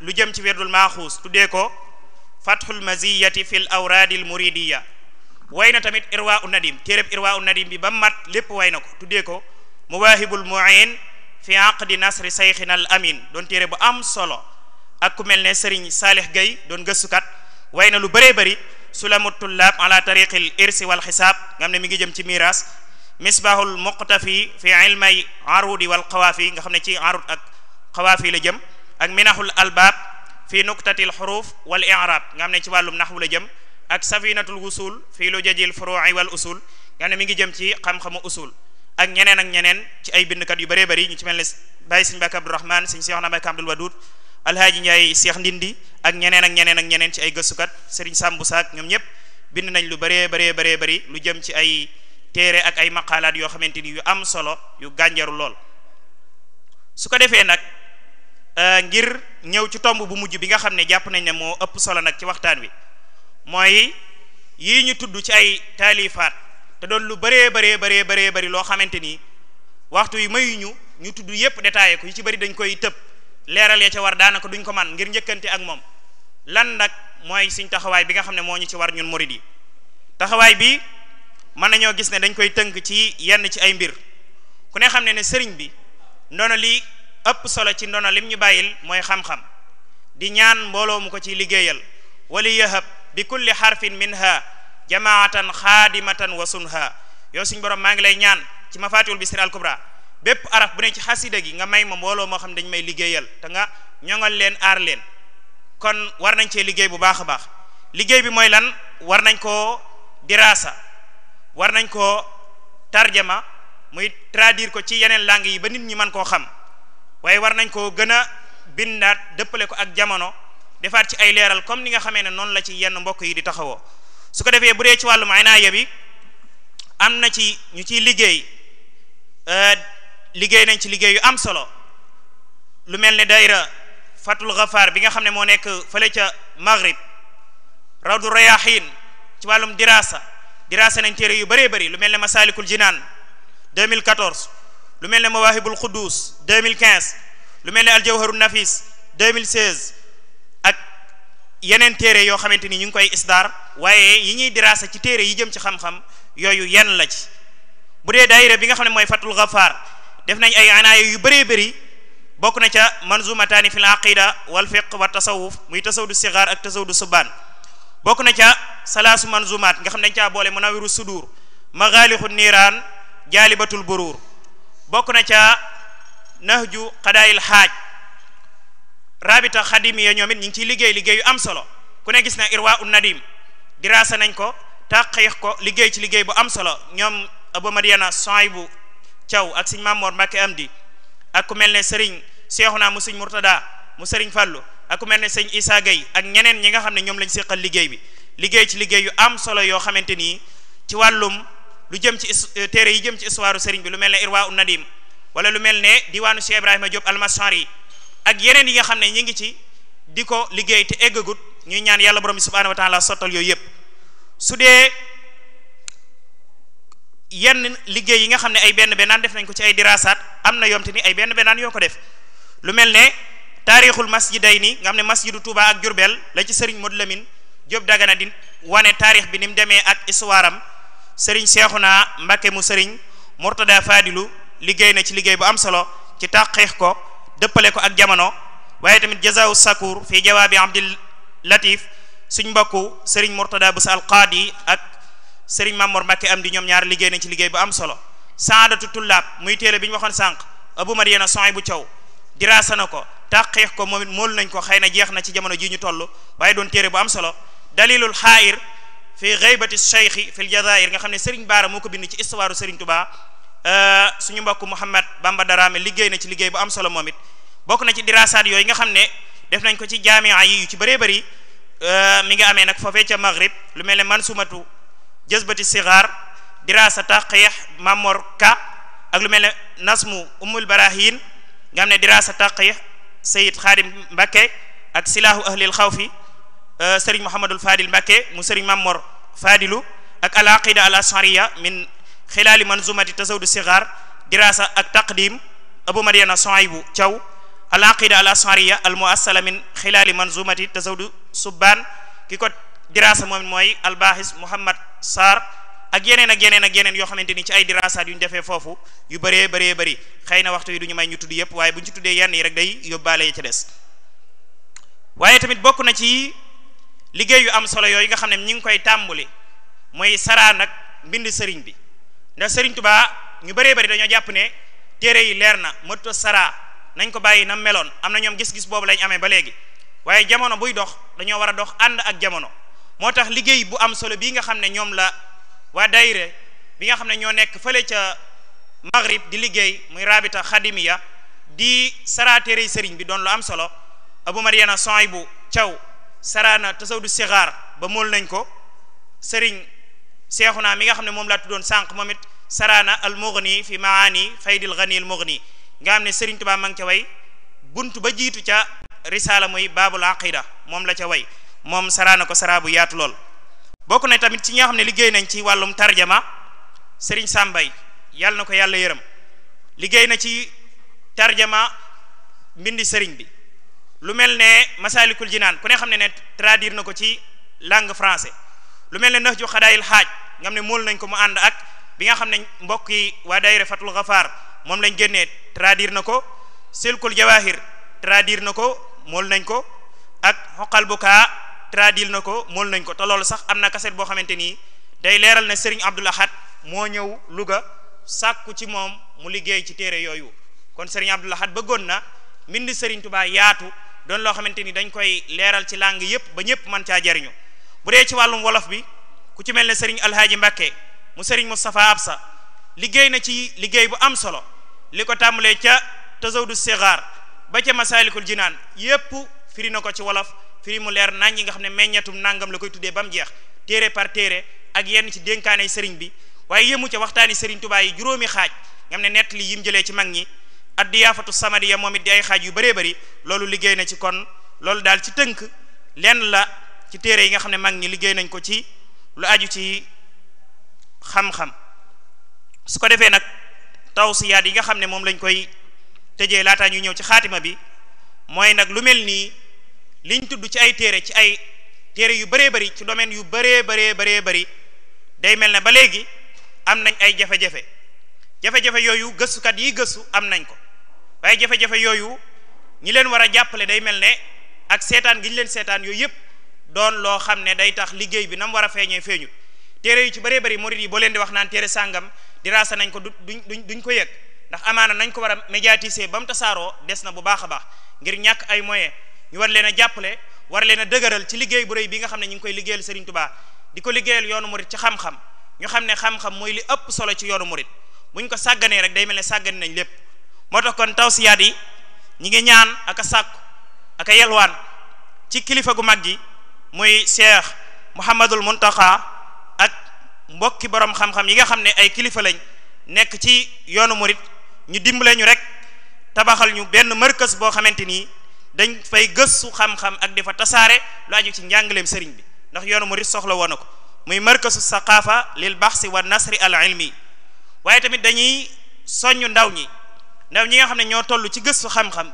lu jëm ci werdul maaxuus tuddee ko فتح المزية في الأوراد المريدية وين تمت إرواء النديم تيرب إرواء النديم ببمت لب وينك تديكو مواهب المعين في عقد نصر سيخنا الأمين دون تيرب أم صلو أكمل نسرين صالح جاي دون قسكت وين لبري بري سلام الطلاب على طريق الإرث والحساب غمنا ميجي جم تميراس مصباح المقتفي في علمي عرود والقوافي غمنا تي عرود قوافي لجم أك منح الألباب fi nuqtatil huruf wal i'rab nga xamne ci walum nahwu la jëm ak safinatul usul fi lu jajil furu'i wal usul nga xamne ne mi ngi jëm ci xam xam usul ak ñeneen ak ñeneen ci ay kat yu bare bare ñu ci melni baye seigne sëñ Mbàkke Abdourahman Cheikh na Mbàkke Abdul Wadud al alhaaji ñay Cheikh Ndindi ak ñeneen ak ñeneen ak ñeneen ci ay kat sëriñ sambu sak ñom ñep bind nañ lu bare bare bare bare lu jëm ci ay téré ak ay maqalat yo xamanteni yu am solo yu ganjaru Sukade su ko Euh, ngir ñëw ci tomb bu mujj bi nga xam ne jàpp nañ ne moo ëpp solo nag ci waxtaan wi mooy yii ñu tudd ci ay taalifaat te doon lu bëree bëree bëree bëree bëri loo xamante ni waxtu yi mayuñu ñu tudd yépp détaillé ko ci bari dañ koy tëb leeral ya ca war daanaka duñ ko man ngir njëkkante ak moom lan nag mooy suñ taxawaay bi nga xam ne moo ñu ci war ñun murid yi taxawaay bi mën nañoo gis ne dañ koy tënk ci yenn ci ay mbir ku ne xam ne ne sëriñ bi ndono lii ëpp solo ci ndono lim ñu bayil moy xam-xam di ñaan mbolo mu ko ci ligéeyal wali yahab bi kulli harfin minha jamaatan khadimatan wa sunha Yosin suñu borom ma ngi lay ñaan ci al kubra bépp araf bu ne ci hasida gi nga may ma Tengah nyongal xam dañ may ligéeyal ta nga ñongal leen ar leen kon war nañ ligay ligéey bu baax baax ligéey bi moy lan war nañ ko dirasa war nañ ko tarjama muy traduire ko ci yenen langue yi ba nit ñi man ko xam waaye war nañ koo gën a bindaat dëppale ko ak jamono defaat ci ay leeral comme ni nga xamee ne noonu la ci yenn mbokk yi di taxawo su ko defee bu dee ci wàllum inaaya bi am na ci ñu ciy liggéey euh, liggéey nañ ci liggéey yu am solo lu mel ne dayra fatul ghafaar bi nga xam ne moo nekk fële ca maghrib rawdu rayahin ci wàllum dirasa dirasa nañ téere yu bëree bëri lu mel ne masalikul jinaan 2014 lu mel ne mawaahibul quddus 2015 lu mel ne aljawharu nafis 2016 ak yeneen téere yoo xamante ni ñu ngi koy isdaar waaye yi ñuy diraasa ci téere yi jëm ci xam-xam yooyu yenn la ci bu dee daayira bi nga xam ne mooy fatul gafaar def nañ ay anaaya yu bëree bëri bokk na ca manzumataani fil aqida wal fiq wa tasawuf muy tasawdu sigaar ak tasawdu subaan bokk na ca salaasu manzumaat nga xam ne dañ caa boole munawiru sudur maghaalixu niiraan jaalibatul buruur bokk na ca nahju xadaayil xaaj rabita xadimiya ñoom it ñu ngi ciy liggéey liggéey yu am solo ku ne gis na irwa un nadim diraasa nañ ko taqiix ko liggéey ci liggéey bu am solo ñoom abu madiana soy bu thiaw ak sëñ Mamoor Mbàkke di ak ku mel ne sëriñ naa mu sëñ Murtada mu sëriñ Fàllu ak ku mel ne sëñ Isaa yi ak ñeneen ñi nga xam ne ñoom lañ séqal liggéey bi liggéey ci liggéey yu am solo yoo xamante nii ci wàllum lu jëm ci euh, téré yi jëm ci histoire sëriñ bi lu melni ne irwa u nadim wala lu melni ne diwaanu Cheikh Ibrahima al-masari ak yeneen yi nga xamne ne ngi ci di ko liggéey te eggagut ñu ñaan yalla borom subhanahu wa taala sotal yoy yep su yenn liggéey yi nga xamne ay benn bennaan def nañ ko ci ay dirasat amna yom tini ay benn bennaan yoo ko def lu mel ne masjidaini nga xamne ne masjidu Touba ak Jurbel la ci sëriñ job Dagana din, wane taarix bi nim démé ak iswaram sëriñ na mbakke mu sëriñ Murtada Fadilu liggéey na ci liggéey bu am solo ci taqiix ko dëppale ko ak jamono waaye tamit jazaawu sakuur fii jawaabi Abdul Latif suñ mbokku sëriñ Murtada bu sa alqaadi ak seriñ Mamoor Mbàkke am di ñoom ñaar liggéey nañ ci liggéey bu am solo saadatu tullaab muy téele bi ñu waxoon sànq abu mariana soy bu thiaw diraasa na ko taqiix ko moom it mool nañ ko xëy na jeex na ci jamono ji ñu toll waaye doon téere bu am solo في غيبة الشيخ في الجزائر نحن سرنج بار موكو بني إستوارو سرنج توبا سنيو باكو محمد بامبا دارام ليجي نتش ليجي بام سلام ميت بوك نتش دراسة ديو ينغا خمنا دفنا نكو تي جامع عيو تي بري بري ميغا أمي نك ففي تي مغرب لميلة منسو متو جزبة الصغار دراسة تقيح مامور كا أغلميلة نسمو أم البراهين نحن دراسة تقيح سيد خادم بكي أكسلاه أهل الخوفي Euh, sëriñ Mouhamadul Fadil Mbacke mu sëriñ Mamor Fadilu ak al aqida al ashariya min xilaali manzumati tasawdu sigar dirasa ak taqdim abu madiana soaybu thiaw al aqida al ashariya al muassala min xilaali manzumati tasawdu subban ki ko dirasa moom mooy al albahis Mouhamad Sarr ak yeneen ak yeneen ak yeneen yoo xamante ni ci ay dirasaat yu ñu defee foofu yu bëree bare bëri xëy na waxtu yi du ñu may ñu tudd yëpp waaye bu ñu ci tuddee yenn yi rek day yóbbaale ya ca des liggéey yu am solo yooyu nga xam ne ñu ngi koy tàmbali mooy saraa nag mbind sëriñ bi ndax sëriñ Tuubaa ñu bëree bëri dañoo jàpp ne téere yi leer na mëtto saraa nañ ko bàyyi na meloon am na ñoom gis-gis boobu lañ amee ba léegi waaye jamono buy dox dañoo war a dox ànd ak jamono moo tax liggéey bu am solo bii nga xam ne ñoom la waa dayre bi nga xam ne ñoo nekk fële ca maghrib di liggéey muy rabita xadimiya di saraa téere sëriñ bi doon lu am solo abu mariana soy bu caw saraana tasawdu sixaar ba mool nañ ko sëriñ naa mi nga xam ne moom laa tuddoon sànq moom it saraana al mughni fi maani faydil ghani al mughni nga xam ne sëriñ Tuubaa ma ngi ca way bunt ba jiitu ca risaala muy baabul aqida moom la ca way moom saraana ko saraa bu yaatu lool bokk na tamit ci ña xam ne liggéey nañ ci wàllum tarjama sëriñ sàmbay yàlla na ko yàlla yërëm liggéey na ci tarjama mbindi sëriñ bi lu melne ne masalikul jinan ku ne xamne ne ne traduire na ci langue français lu melne nahju khadail haj nga xamne ne nañ ko mu and ak bi nga xamne ne yi fatul ghafar mom lañu genné traduire nako silkul jawahir tradir noko, mul nañ ko ak hokal buka traduire na mol nañ ko to loolu sax amna cassette bo xamanteni day leral ne Serigne Abdoul Ahad mo ñew luga sakku ci mom mu liggey ci téré yoyu kon Serigne Ahad beggon na mindi Serigne Touba yaatu doon loo xamante ni dañ koy leeral ci langue yëpp ba ñëpp mën caa jariñu bu dee ci wàllum wolof bi ku ci mel ne sëriñ alhaaji Mbàkke mu sëriñ Moustapha Absa liggéey na ci liggéey bu am solo li ko tàmbalee ca tasawdu sigaar ba ca masaalikul jinaan yëpp firi na ko ci wolof firi mu leer nañ yi nga xam ne meññetum nangam la koy tuddee ba mu jeex téere par téere ak yenn ci dénkaane sëriñ bi waaye yëmu ca waxtaani sëriñ Tuubaa yi juróomi xaaj nga xam ne nett li yim jëlee ci mag ñi addiyaafatu samadiya moom it di ay xaaj yu bëree bëri loolu liggéey na ci kon loolu daal ci tënk lenn la ci téere yi nga xam ne mag ñi liggéey nañ ko ci lu aju ci xam-xam su ko defee nag taw tawsiyaat yi nga xam ne moom lañ koy tëjee laataa ñuy ñëw ci xaatima bi mooy nag lu mel nii liñ tudd ci ay téere ci ay téere yu bëree bari ci domaine yu bëree bëree bëree bëri day mel ne ba léegi am nañ ay jafe-jafe jafe-jafe yooyu gëstukat yi gëstu am nañ ko waaye jafe-jafe yooyu ñi leen war a jàppale day mel ne ak seetaan gi ñu leen seetaan yooyu yëpp doon loo xam ne day tax liggéey bi na mu war a feeñee feeñu téere yu ci bare bëri murid yi boo leen di wax naan téere sàngam diraasa nañ ko du duñ duñ ko yëg ndax amaana nañ ko war a médiatiser ba mu tasaaroo des na bu baax a baax ngir ñàkk ay moyens ñu war leen a jàppale war leen a dëgëral ci liggéey bu rëy bi nga xam ne ñu ngi koy liggéeyal Serigne Touba di ko liggéeyal yoonu murid ci xam-xam ñu xam ne xam-xam mooy li ëpp solo ci yoonu murid buñ ko sàgganee rek day mel ne sàggane nañ lépp moo tax kon tawsiyaat yi ñu ngi ñaan ak a sàkku ak ci kilifa gu mag gi muy cheikh Mouhamadul Muntaqa ak mbokki boroom xam-xam yi nga xam ne ay kilifa lañ nekk ci yoonu murit ñu dimbale ñu rek tabaxal ñu benn markas boo xamante ni dañ fay gëstu xam-xam ak di tasaare lu aju ci njàngaleem sëriñ bi ndax yoonu murit soxla woon ko muy markasu saqaafa lil baxsi wa nasri al ilmi waaye tamit dañuy soññ ndaw ñi ndaw ñi nga xam ne ñoo tollu ci gëstu xam-xam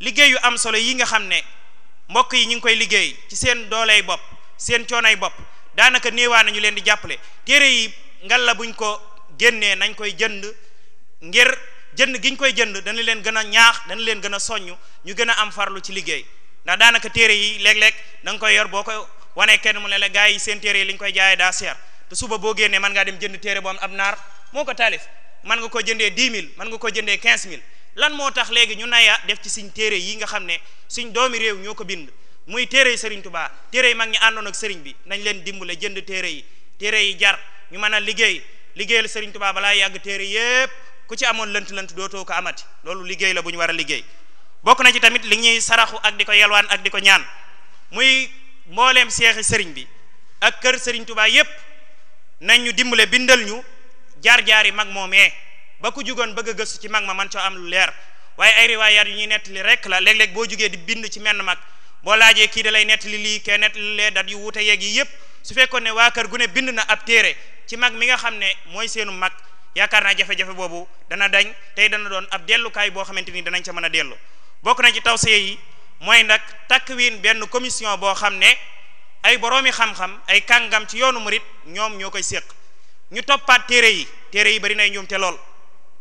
liggéey yu am solo yi nga xam ne mbokk yi ñu ngi koy liggéey ci seen dooley bopp seen coonay bopp daanaka néewaa nañu leen di jàppale téere yi ngal la buñ ko génnee nañ koy jënd ngir jënd giñ koy jënd dana leen gën a ñaax dana leen gën a soññ ñu gën a am farlu ci liggéey ndax daanaka téere yi léeg-léeg da nga koy yor boo koy wanee kenn mu ne la gars yi seen téere yi li koy jaayee daa seer te suba boo génnee mën ngaa dem jënd téere boo am ab naar moo ko taalif mën nga ko jëndee dix mille mën nga ko jëndee quinze mille lan moo tax léegi ñu naya def ci suñ téere yi nga xam ne suñ doomi réew ñoo ko bind muy téere yi sëriñ Tuubaa téere yi mag ñi àndoon ak sëriñ bi nañ leen dimbale jënd téere yi téere yi jar ñu mën a liggéey liggéeyal sëriñ Tuubaa balaa yàgg téere yépp ku ci amoon lënt-lënt dootoo ko amati loolu liggéey la bu ñu war a liggéey bokk na ci tamit li ñuy saraxu ak di ko yalwaan ak di ko ñaan muy mbooleem seexi sëriñ bi ak kër sëriñ Tuubaa yépp nañ ñu dimbale bindal ñu jaar-jaari mag moomee ba ku jugoon bëgg a gëstu ci mag ma man coo am lu leer waaye ay riwaayaat yu ñuy nettali rek la léeg-léeg boo jógee di bind ci menn mag boo laajee kii da lay nettali lii kee nettali lee dat yu wute yeeg yi yëpp su fekkoon ne waa kër gu ne bind na ab téere ci mag mi nga xam ne mooy seenu mag yaakaar naa jafe-jafe boobu dana dañ tey dana doon ab dellukaay boo xamante ni danañ ca mën a dellu bokk nañ ci tawsiye yi mooy nag takwin benn commission boo xam ne ay boroomi xam ay kàngam ci yoonu murit ñoom ñoo koy séq ñu topat téré yi téré yi bari nay njuumte lool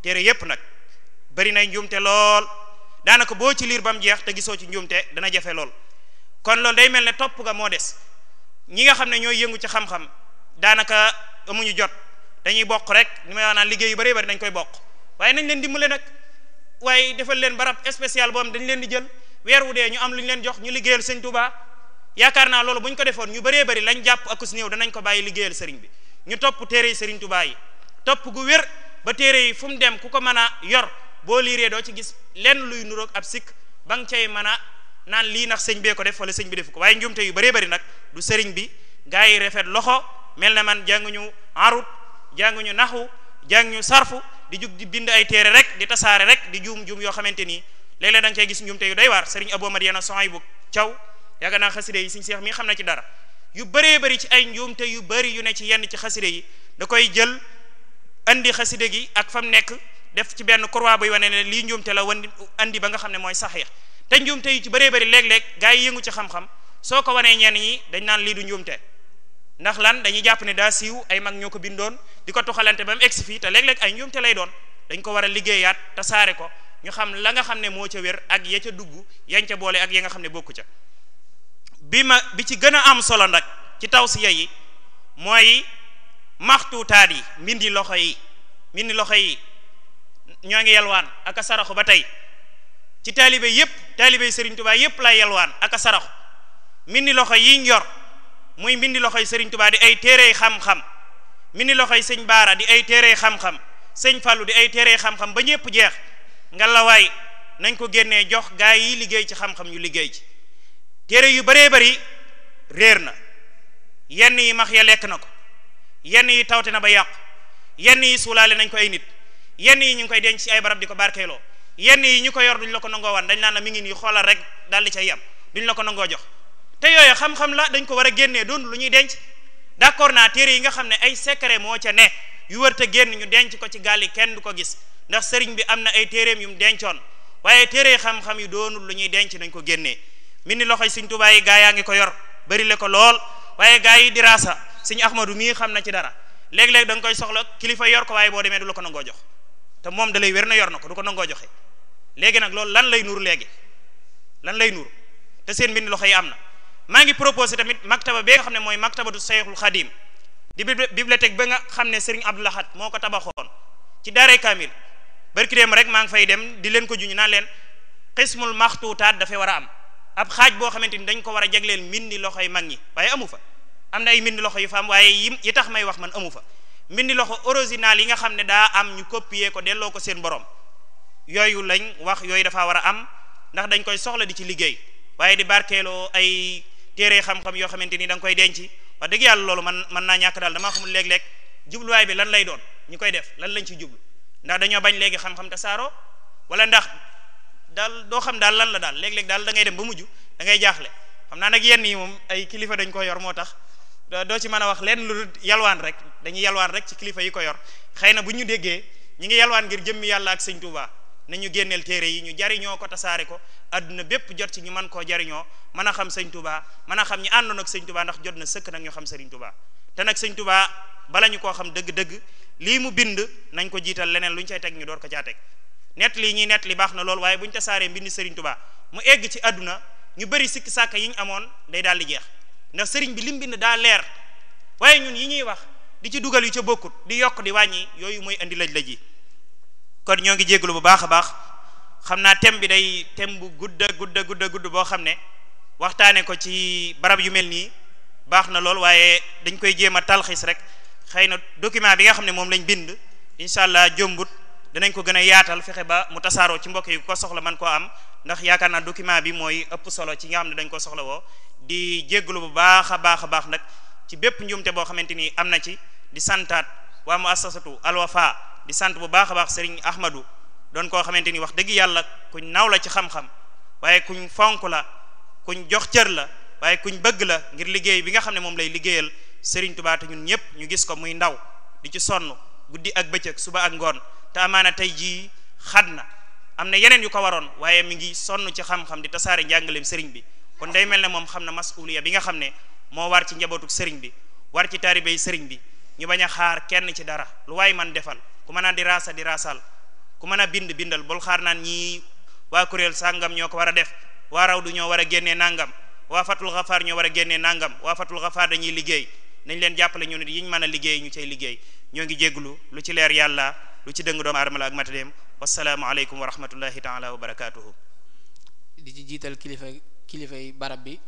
téré yépp nak bari nay njuumte lool danaka bo ci lire bam jeex te gisoo ci njuumte dana jafé lool kon loolu day melni top ga mo dess ñi nga xamné ñoy yëngu ci xam-xam danaka amuñu jot dañuy bok rek ni may wana liggéey bari bari dañ koy bok waye nañ leen dimbalé nak waye defal leen barab spécial bo am dañ leen di jël weer wu dé ñu am luñ leen jox ñu liggéeyal Seigne Touba yaakaar naa loolu bu ko defoon ñu bari bari lañ japp akus néew danañ ko bayyi liggéeyal sëriñ bi ñu top téré Serigne Touba yi top gu wër ba téré yi fum dem kuko mëna yor bo liré do ci gis lén luy nuro ab sik ba nga cay mën a naan lii nak ko def wala serigne bi def ko waye njuumte yu bari bari nak du serigne bi gaay yi rafet loxo mel man arut jangunyu nahu jangunyu sarfu di jug di bind ay téré rek di tassare rek di jum jum yo xamanteni ni léeg-léeg da gis njuumte yu doy war serigne Abou Madiana Sohaybu Thiaw yàgg na yi serigne cheikh mi xamna ci dara yu bëree bari ci ay njuumte yu bëri yu ne ci yenn ci xaside yi da koy jël andi xaside gi ak fam nekk def ci benn croix buy wane ne lii njuumte la wan andi ba nga xam ne mooy saxiix te njuumte yu ci baree bari léeg-léeg gaa yi yëngu ci xam-xam soo ko wanee ñenn ñi dañ naan lii du njuumte ndax lan dañuy jàpp ne daa siiw ay mag ñoo ko bindoon di ko toxalante ba mu egsi fii te léeg-léeg ay njuumte lay doon dañ ko war a liggéeyaat te saare ko ñu xam la nga xam ne moo ca wér ak ya ca dugg yañ ca boole ak ya nga xam ne bokku ca bi ma bi ci gën a am solo nag ci taw tawsiya yi mooy maxtuutaat yi mbindi loxo yi mbindi loxo yi ñoo ngi yalwaan ak a saraxu ba tey ci taalibe yépp taalibe sëriñ tubaa yépp lay yalwaan ak a saraxu mbindi loxo yi njor muy mbindi loxoy sëriñ tubaa di ay téerey xam-xam mbindi loxoy sëñ baara di ay téerey xam-xam sëñ fàllu di ay téerey xam-xam ba ñépp jeex nga la waay nañ ko génnee jox gaa yi liggéey ci xam-xam ñu liggéey ci téere yu baree bari réer na yenn yi max ya lekk na ko yenn yi tawte na ba yàqu yenn yi suulaale nañ ko ay nit yenn yi ñu ngi koy denc ci ay barab di ko barkeeloo yenn yi ñu ko yor duñ la ko nangoo wan dañ naan na mi ngi nii xoolal rek daal di cay yam duñu la ko nangoo jox te yooyu xam-xam la dañ ko war a génnee doon lu ñuy denc d'accord naa téere yi nga xam ne ay secret moo ca ne yu wër te génn ñu denc ko ci gaal yi kenn du ko gis ndax sëriñ bi am na ay téereem yu dencoon waaye téere xam-xam yi doonul lu ñuy denc nañ ko génnee mi loxay seigne touba koyor yi gaay yaangi ko yor bari le ko lol waye gaay yi di rasa seigne ahmadou mi xamna ci dara leg leg dang koy soxlo kilifa yor ko waye bo demé du ko jox te mom dalay werna yor nako ko nango joxe legi nak lol lan lay nur legi lan lay nur. te seen mbind loxay amna ma ngi proposer tamit maktaba be nga xamne moy maktabatu Seyxul khadim di bibliothèque ba nga xamne Serigne Abdou Lahad moko ko ci daaray kamil barki dem rek ma ngi fay dem di len ko juñu na len qismul makhtutat da fe wara am ab xaaj boo xamante ni dañ ko war a jagleel mbindi loxo yi mag ñi waaye amu fa am na ay mbindi loxo yu fa am waaye yi yi tax may wax man amu fa mbindi loxo original yi nga xam ne daa am ñu copier ko delloo ko seen borom yooyu lañ wax yooyu dafa war a am ndax dañ koy soxla di ci liggéey waaye di barkeeloo ay téere xam-xam yoo xamante ni da nga koy denc wax dëgg yàlla loolu man mën naa ñàkk daal damaa xamul léeg-léeg jubluwaay bi lan lay doon ñu koy def lan lañ ci jublu ndax dañoo bañ Dal, do xam dal lan la dal leg leg dal da ngay dem ba muju da ngay jaxle xamna nak yenn yi mom ay kilifa dañ ko yor motax do ci mën wax len lu yalwaan rek dañuy yalwaan rek ci kilifa yi ko yor xeyna na bu ñu déggee ñi ngi yalwaan ngir jëmmi yalla ak seigne touba nañu gennel téré yi ñu jariño ko tasaare ko aduna bépp jot ci ñu man ko jariño mëna xam seigne touba mëna xam ñi andon ak seigne touba ndax jot na sekk nak ñu xam seigne touba té nak seigne touba bala ñu xam deug deug li mu bind nañ ko jital leneen luñ cey tek ñu door ko tek net li ñi net li baxna na lool waaye buñ tasaaree mbind serigne touba mu egg ci aduna ñu bari sik sàkka yi ñu amoon day dal di jeex ndax serigne bi lim bind leer waye ñun yi ñuy wax di ci duggal yu ci bokkut di yok di wañi yoyu moy andi laj laji kon ñogi jéglu bu baaxa baax xamna tem bi day tem bu gudda gudda gudda gudd bo xamne ne ko ci barab yu melni baxna lol na dañ koy jema talxis rek xeyna document bi nga xamne ne lañ bind inshallah jombut dinañ ko gëna yaatal mutasaro ba mu Yuko ci mbokk yi ko soxla man ko am ndax yaakaar naa document bi moy ëpp solo ci nga xamne dañ ko soxla wo di jéglu bu baaxa baaxa baax nak ci bépp njuumte boo am na ci di santat wa mu asasatu alwafa di sant bu baaxa baax serigne ahmadu don ko xamanteni wax deug yalla kuñ nawla ci xam-xam waye kuñ fonku la kuñ jox cër la waye kuñ bëgg la ngir liggéey bi nga xamne ne lay liggéeyal serigne touba te ñun ñëpp ñu gis ko muy ndaw di ci sonn guddii ak bëccëg suba ak ngone te amaana tey jii xat na am na yeneen yu ko waroon waaye mi ngi sonn ci xam-xam di tasaare njàngaleem sëriñ bi kon day mel ne moom xam na masuliya bi nga xam ne moo war ci njabootuk sëriñ bi war ci taaribey sëriñ bi ñu bañ a xaar kenn ci dara lu waay man defal ku mën a di raasa di raasal ku mën a bind bindal bool xaar naan ñii waa kuréel sàngam ñoo ko war a def waa raw du ñoo war a génnee nangam waa fatul xafaar ñoo war a génnee nangam waa liggéey nañ leen jàppale ñu nit yiñ mën a liggéey ñu cay liggéey ñoo ngi jéglu lu ci leer yàlla lu ci dëng doom aadama la ak matadeem wasalaamu alaykum wa rahmatullahi taala wa barakatuhu di ci jiital kilifa kilifa yi barab bi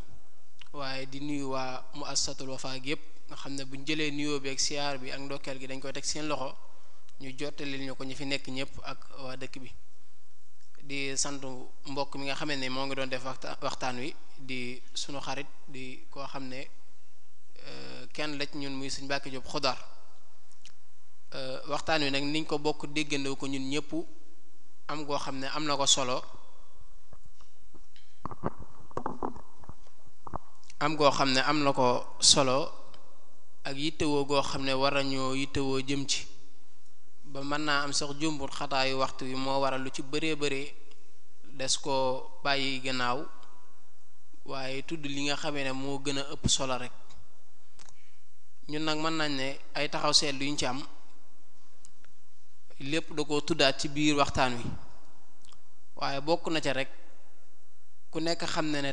waaye di nuyu waa mu asatul wafa gi nga xam ne buñ jëlee nuyoo bi ak siyaar bi ak ndokkeel gi dañ koy teg seen loxo ñu jottali ñu ko ñu nekk ñëpp ak waa dëkk bi di sant mbokk mi nga xamee ne moo ngi doon def waxtaan wi di sunu xarit di koo xam Euh, kenn la ci ñun muy sëñ Mbàkke Jóob Xudar waxtaan wi nag niñ ko bokk déggandoo ko ñun ñëpp am goo xam ne am na ko solo am goo xam ne am na ko solo ak yittewoo goo xam ne war nañoo yittewoo jëm ci ba mën naa am sax jumbut xataayu waxtu wi moo waral lu ci bëree bëree des ko bàyyi gannaaw waaye tudd li nga xamee ne moo gën a ëpp solo rek ñun nak man nañ ne ay taxaw seetlu luñ ci am lepp da ko tuddaat ci biir waxtaan wi waye bokku na ca rek ku nekk ne ne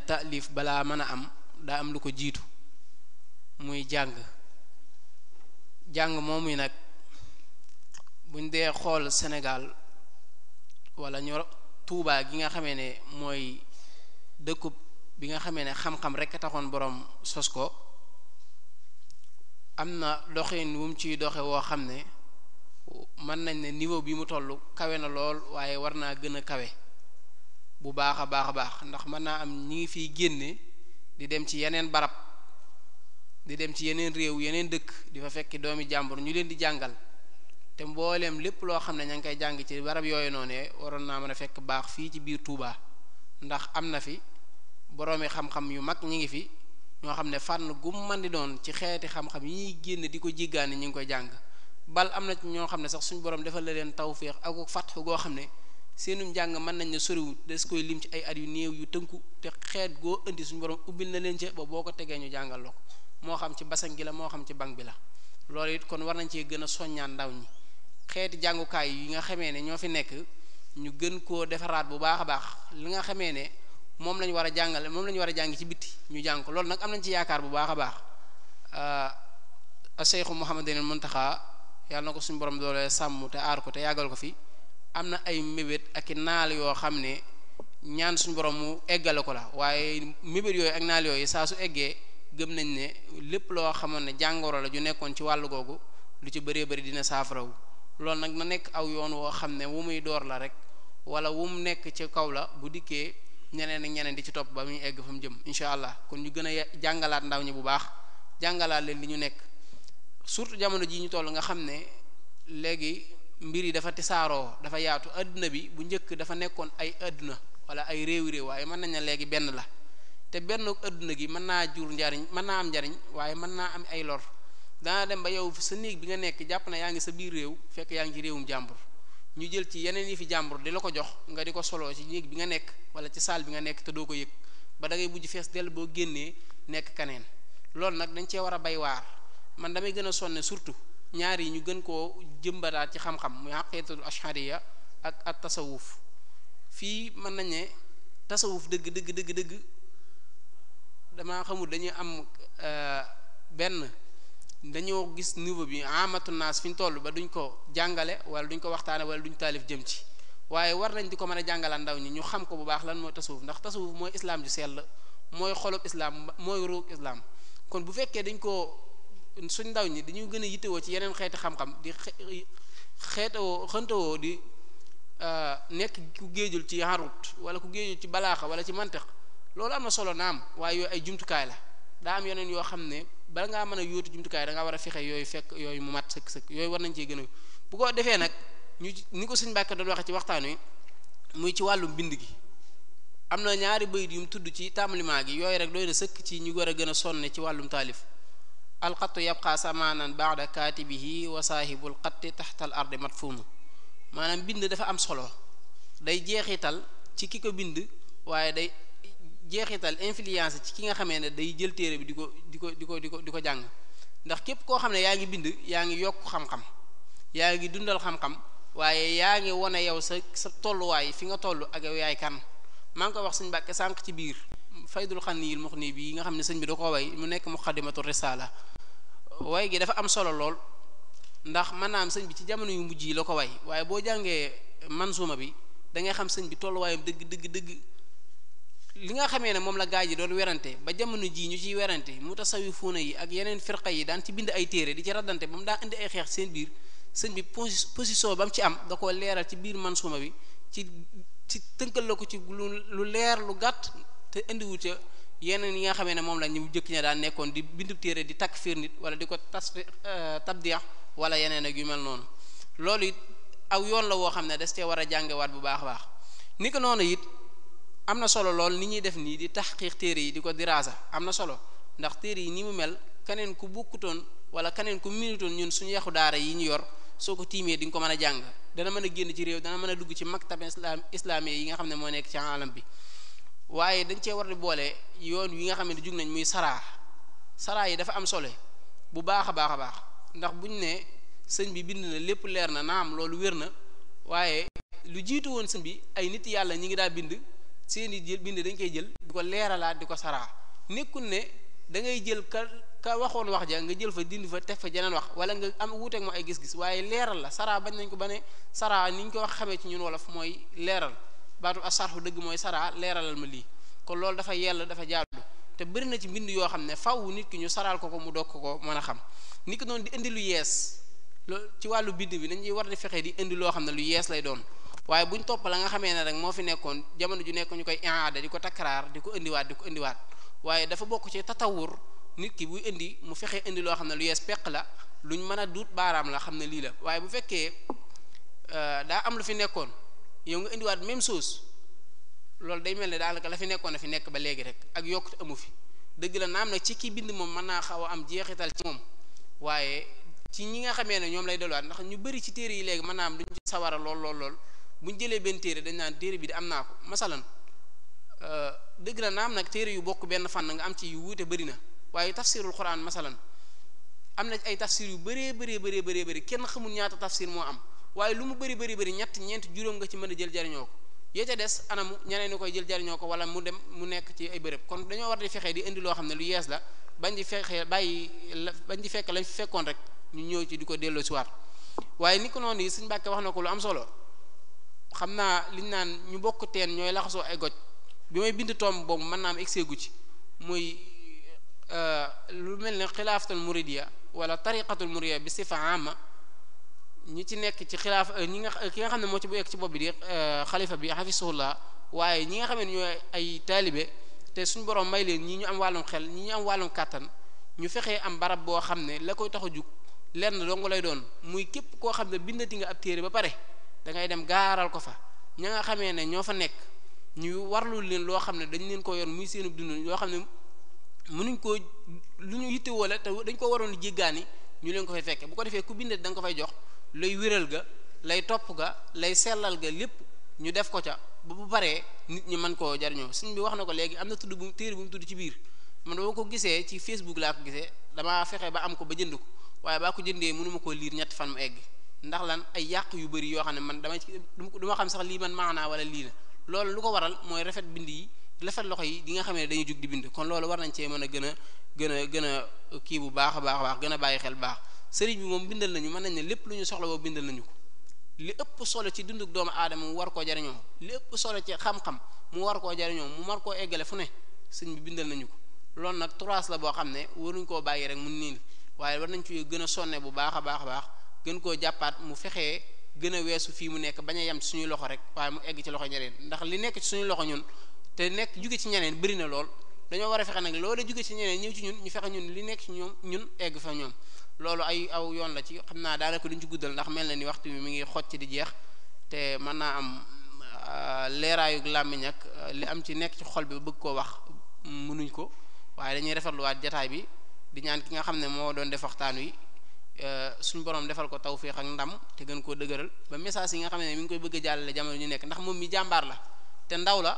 bala balaa am da am lu ko jitu muy jang jang momuy nak buñ dé xol Sénégal wala ñor Touba gi nga xamé né moy dekkup bi nga xamé né xam-xam rek taxone borom sosko am na doxin wu ciy doxe woo xam ne mën nañ ne niveau bi mu toll kawe na lool waaye war naa gën a kawe bu baax a baax a baax ndax mën naa am ñi ngi fiy génne di dem ci yeneen barab di dem ci yeneen réew yeneen dëkk di fa fekki doomi jàmbur ñu leen di jàngal te mbooleem lépp loo xam ne ña ngi koy jàng ci barab yooyu noonu waroon naa mën a fekk baax fii ci biir Touba ndax am na fi boroomi xam-xam yu mag ñi ngi fi ñoo xam ne fànn gu man di doon ci xeeti xam-xam yi ñuy génn di ko jéggaani ñu ngi koy jàng bal am na ñoo xam ne sax suñu borom defal la leen tawféex ak fatxu goo xam ne seenum njàng mën nañ ne soriwu des koy lim ci ay at yu néew yu tënku te xeet goo indi suñu borom ubbil na leen ci ba boo ko tegee ñu jàngal ko moo xam ci basan gi la moo xam ci bank bi la loolu it kon war nañ cee gën a soññaan ndaw ñi xeeti jàngukaay yi nga xamee ne ñoo fi nekk ñu gën koo defaraat bu baax a baax li nga xamee ne mom lañ wara jangal mom moom lañ war a ci biti ñu jang ko lool nak am nañ ci yaakar bu baax a baax Seexu ibn muntaha yalla na suñu borom doole sammu te ar ko te yagal ko fi amna ay mebet ak naal yo xamne ñaan suñu borom mu eggal ko la waye mebet yoy ak naal yoy sa su egge gem nañ ne lepp lo xamoon jangoro la ju nekkon ci walu gogu lu ci bëree bëri dina safraw lool nak na nek aw yoon wo xamne wu la rek wala wum nek ci kaw bu dikke ñeneen ñeneen di ci topp ba muy egg fa mu jëm incha allah kon ñu gën a jàngalaat ndaw ñi bu baax jàngalaat leen li ñu nekk surtout jamono jii ñu toll nga xam ne léegi mbir yi dafa tisaaroo dafa yaatu àdduna bi bu njëkk dafa nekkoon ay àdduna wala ay réewi réew waaye mën nañ ne léegi benn la te benn àdduna gi mën naa jur njariñ mën naa am njariñ waaye mën naa am ay lor dana dem ba yow sa néeg bi nga nekk jàpp na yaa ngi sa biir réew fekk yaa ngi réewum jàmbur ñu jël ci yeneen yi fi jàmbur di la ko jox nga di ko soloo ci néeg bi nga nekk wala ci salle bi nga nekk te doo ko yëg ba da ngay mujj fees del boo génnee nekk kaneen lool nag dañ cee war a bay waar man damay gën a sonne surtout ñaar yi ñu gën koo jëmbataat ci xam-xam muy ashariya ak at tasawuf fii mën nañ ne tasawuf dëgg dëgg dëgg dëgg dama xamul dañuy am euh, benn dañoo gis niveau bi amatu naas fi ñu toll ba duñ ko jàngale wala duñ ko waxtaane wala duñ taalif jëm ci waaye war nañ di ko mën a jàngalaan ndaw ñi ñu xam ko bu baax lan mooy tasawuf ndax tasawuf mooy islaam ju sell mooy xolub islaam mooy ruug islaam kon bu fekkee dañ koo suñ ndaw ñi dañu gën a yittewoo ci yeneen xeeti xam-xam di xeetawoo xëntawoo di euh, nekk ku géejul ci harut wala ku géejul ci balaaxa wala ci mantiq loolu am na solo naam waaye yooyu ay jumtukaay la yeneen yoo xam ne bala ngaa mën a yóotu jumtukaay da ngaa war a fexe yooyu fekk yooyu mu mat sëkk sëkk yooyu war nañ cee gën a bu ko defee nag ñu ni ko suñ Mbàkke doon waxe ci waxtaan wi muy ci wàllum bind gi am na ñaari bayit yu mu tudd ci tàmbalimaa gi yooyu rek dooy na sëkk ci ñu war a gën a sonne ci wàllum taalif alxattu yabqaa samaanan baada kaatibihi wa saahibul xatti taxtal mat matfuumu maanaam bind dafa am solo day jeexital ci ki ko bind waaye day jeexital influence ci ki nga xamee ne day jël téere bi di ko di ko di ko di ko di ko jàng ndax képp koo xam ne yaa ngi bind yaa ngi yokk xam-xam yaa ngi dundal xam-xam waaye yaa ngi wane yow sa sa tolluwaay fi nga toll ak yaay kan maa ngi ko wax sëñ Mbàkke sànq ci biir faydul xaniyil muxni bi nga xam ne sëñ bi da ko way mu nekk muqaddimatu risaala way gi dafa am solo lool ndax maanaam sëñ bi ci jamono yu mujj yi la ko way waaye boo jàngee mansuuma bi da ngay xam sëñ bi tolluwaayam dëgg dëgg dëgg li nga xamee ne moom la gaa yi doon werante ba jamono jii ñu ciy werante mutasawifuuna yi ak yeneen firqa yi daan ci bind ay téere di ci raddante ba mu daa indi ay xeex seen biir sëñ bi position ba mu ci am da koo leeral ci biir mansuuma bi ci ci tënkal la ko ci lu lu leer lu gàtt te indiwu ca yeneen yi nga xamee ne moom la ñu jëkk ña daan nekkoon di bindu téere di takk fiir nit wala di ko tas euh, tabdiya wala yeneen ak yu noonu loolu it aw yoon la woo xam ne das cee war a jàngewaat bu baax a baax am na solo lool ni ñuy def nii di taxqiq téere yi di ko diraasa am na solo ndax téere yi ni mu mel keneen ku bukkutoon wala keneen ku minutoon ñun suñu yaxu daara yi ñu yor soo ko tiimee di nga ko mën a jàng dana mën a génn ci réew dana mën a dugg ci maktab islam islami yi nga xam ne moo nekk ci alam bi waaye dañ cee war di boole yoon wi nga xam ne jug nañ muy saraa saraa yi dafa am solo bu baax a baax a baax ndax buñ ne sëñ bi bind na lépp leer na naam loolu wér na waaye lu woon sëñ bi ay nit yàlla ñi ngi daa bind seeni jël bind dañ koy jël di ko leeralaat di ko saraa nekkul ne da ngay jël ka ka waxoon wax ja nga jël fa dind fa teg fa jeneen wax wala nga am wuuteeg moo ay gis-gis waaye leeral la saraa bañ nañ ko ba ne saraa ni ñu ko wax xamee ci ñun wolof mooy leeral baatu asarxu dëgg mooy saraa leeralal ma lii kon loolu dafa yell dafa jaadu te bëri na ci mbind yoo xam ne faw nit ki ñu saraal ko ko mu dog ko ko mën a xam nit ki doon di indi lu yees loolu ci wàllu bind bi dañuy war di fexe di indi loo xam ne lu yees lay doon waaye bu ñu topp la nga xamee ne rek moo fi nekkoon jamono ju nekk ñu koy iaada di ko takkaraar di ko indiwaat di ko indiwaat waaye dafa bokk ci tatawur nit ki buy indi mu fexee indi loo xam ne lu peq la luñ mën a duut baaraam la xam ne lii la waaye bu fekkee euh, daa am lu fi nekkoon yow nga indiwaat même chose loolu day mel ne daanaka la fi nekkoon a fi nekk ba léegi rek ak yokkute amu fi dëgg la am nag ci ki bind moom mën naa xaw a am jeexital ci moom waaye ci ñi nga xamee ne ñoom lay delluwaat ndax ñu bëri ci téere yi léegi mën naa am duñ ci sawara lool lool lool buñ jëlé ben téré dañ nan téré bi di amna ko masalan deug na naam nak téré yu bokk ben fan nga am ci yu wuté bari na waye tafsirul quran masalan amna ay tafsir yu beri beri beri, bëree bëri kenn xamul ñaata tafsir mo am waye lu mu beri beri bëri ñatt ñent juroom nga ci mëna jël jariñoo ko yee ya ca dess anam ñaneen jël wala mu dem mu nekk ci ay bëreep kon dañoo war di fexé di indi lo xam lu yees la bañ di fexé bayyi bañ di fekk lañ fekkon rek ñu ñëw ci diko ko ci waat waye ni ko noonu yi lu am solo xamna li nane ñu bokku teen ñoy laxasoo ay goj bi may bind tom boobu man na am egsee gu ci euh lu melni khilafatul muridiya wala tariqatul muridiya bi sifa ama ñi ci nekk ci khilaf ñi nga ki nga xamne mo ci bu egg ci bopp bi di khalifa bi hafizullah waye ñi nga xamne ñoy ay talibe te suñu borom may leen ñi ñu am walum xel ñi ñu am walum katan ñu fexé am barab bo xamne la koy taxaju a jug lenn dong lay doon muy kep ko xamne bindati nga ab téré ba pare da ngay dem gaaral ko fa ña nga xamee ne ñoo fa nekk ñu warlu leen loo xam ne dañ leen ko yor muy seenub dund yoo xam ne mu mënuñ koo lu ñu yittewoo la te dañ koo waroon jéggaani ñu leen ko fay fekke bu ko defee ku bindet danga nga ko fay jox lay wéral ga lay topp ga lay sellal ga lépp ñu def ko ca ba bu baree nit ñi mën koo jariñoo suñ bi wax na ko léegi am na tudd bu téere bu mu tudd ci biir man boo ko gisee ci Facebook laa ko gisee dama fexe ba am ko ba jënd ko waaye baa ko mënuma koo liir ñetti fan mu egg ndax lan ay yàq yu bari yoo xam ne man dama ci du ma xam sax lii man maanaa wala lii la loolu lu ko waral mooy rafet bind yi rafet loxo yi di nga xam ne dañu jug di bind kon loolu war nañ cee mën a gën a gën a gën a kii bu baax a baax a gën a bàyyi xel baax sëriñ bi moom bindal nañu mën nañ ne lépp lu ñu soxla boo bindal ko li ëpp solo ci dunduk doomu aadama war koo jariñoo li ëpp solo ci mu war koo jariñoo mu war koo eggale fu ne sëñ bi bindal nañu ko loolu nag trois la boo xam ne waruñ koo bàyyi rek mun nii waaye war nañ ci gën a sonne bu baax a baax a baax gën koo jàppaat mu fexe gën a weesu fii mu nekk bañ a yem suñuy loxo rek waaye mu egg ci loxo ñeneen ndax li nekk ci suñu loxo ñun te nekk jóge ci ñeneen bëri na lool dañoo war a fexe jóge ci ñeneen ñëw ci ñun ñu fexe ñun li nekk ci ñoom ñun egg fa ñoom loolu ay aw yoon la ci xam naa daanaka duñ ci guddal ndax mel na ni waxtu bi mi ngi ci di jeex te mën naa am euh, leeraayug làmmiñ ak euh, li am ci nekk ci xol bi bëgg koo wax mënuñ ko waaye dañuy rafetluwaat jataay bi di ñaan ki nga xam ne moo doon def wi Eh, suñ borom defal ko tawféex ak ndam te gën koo dëgëral ba message yi nga xam ne mi ngi koy bëgg a jàllale jamono ñu nekk ndax moom mi jàmbaar la te ndaw la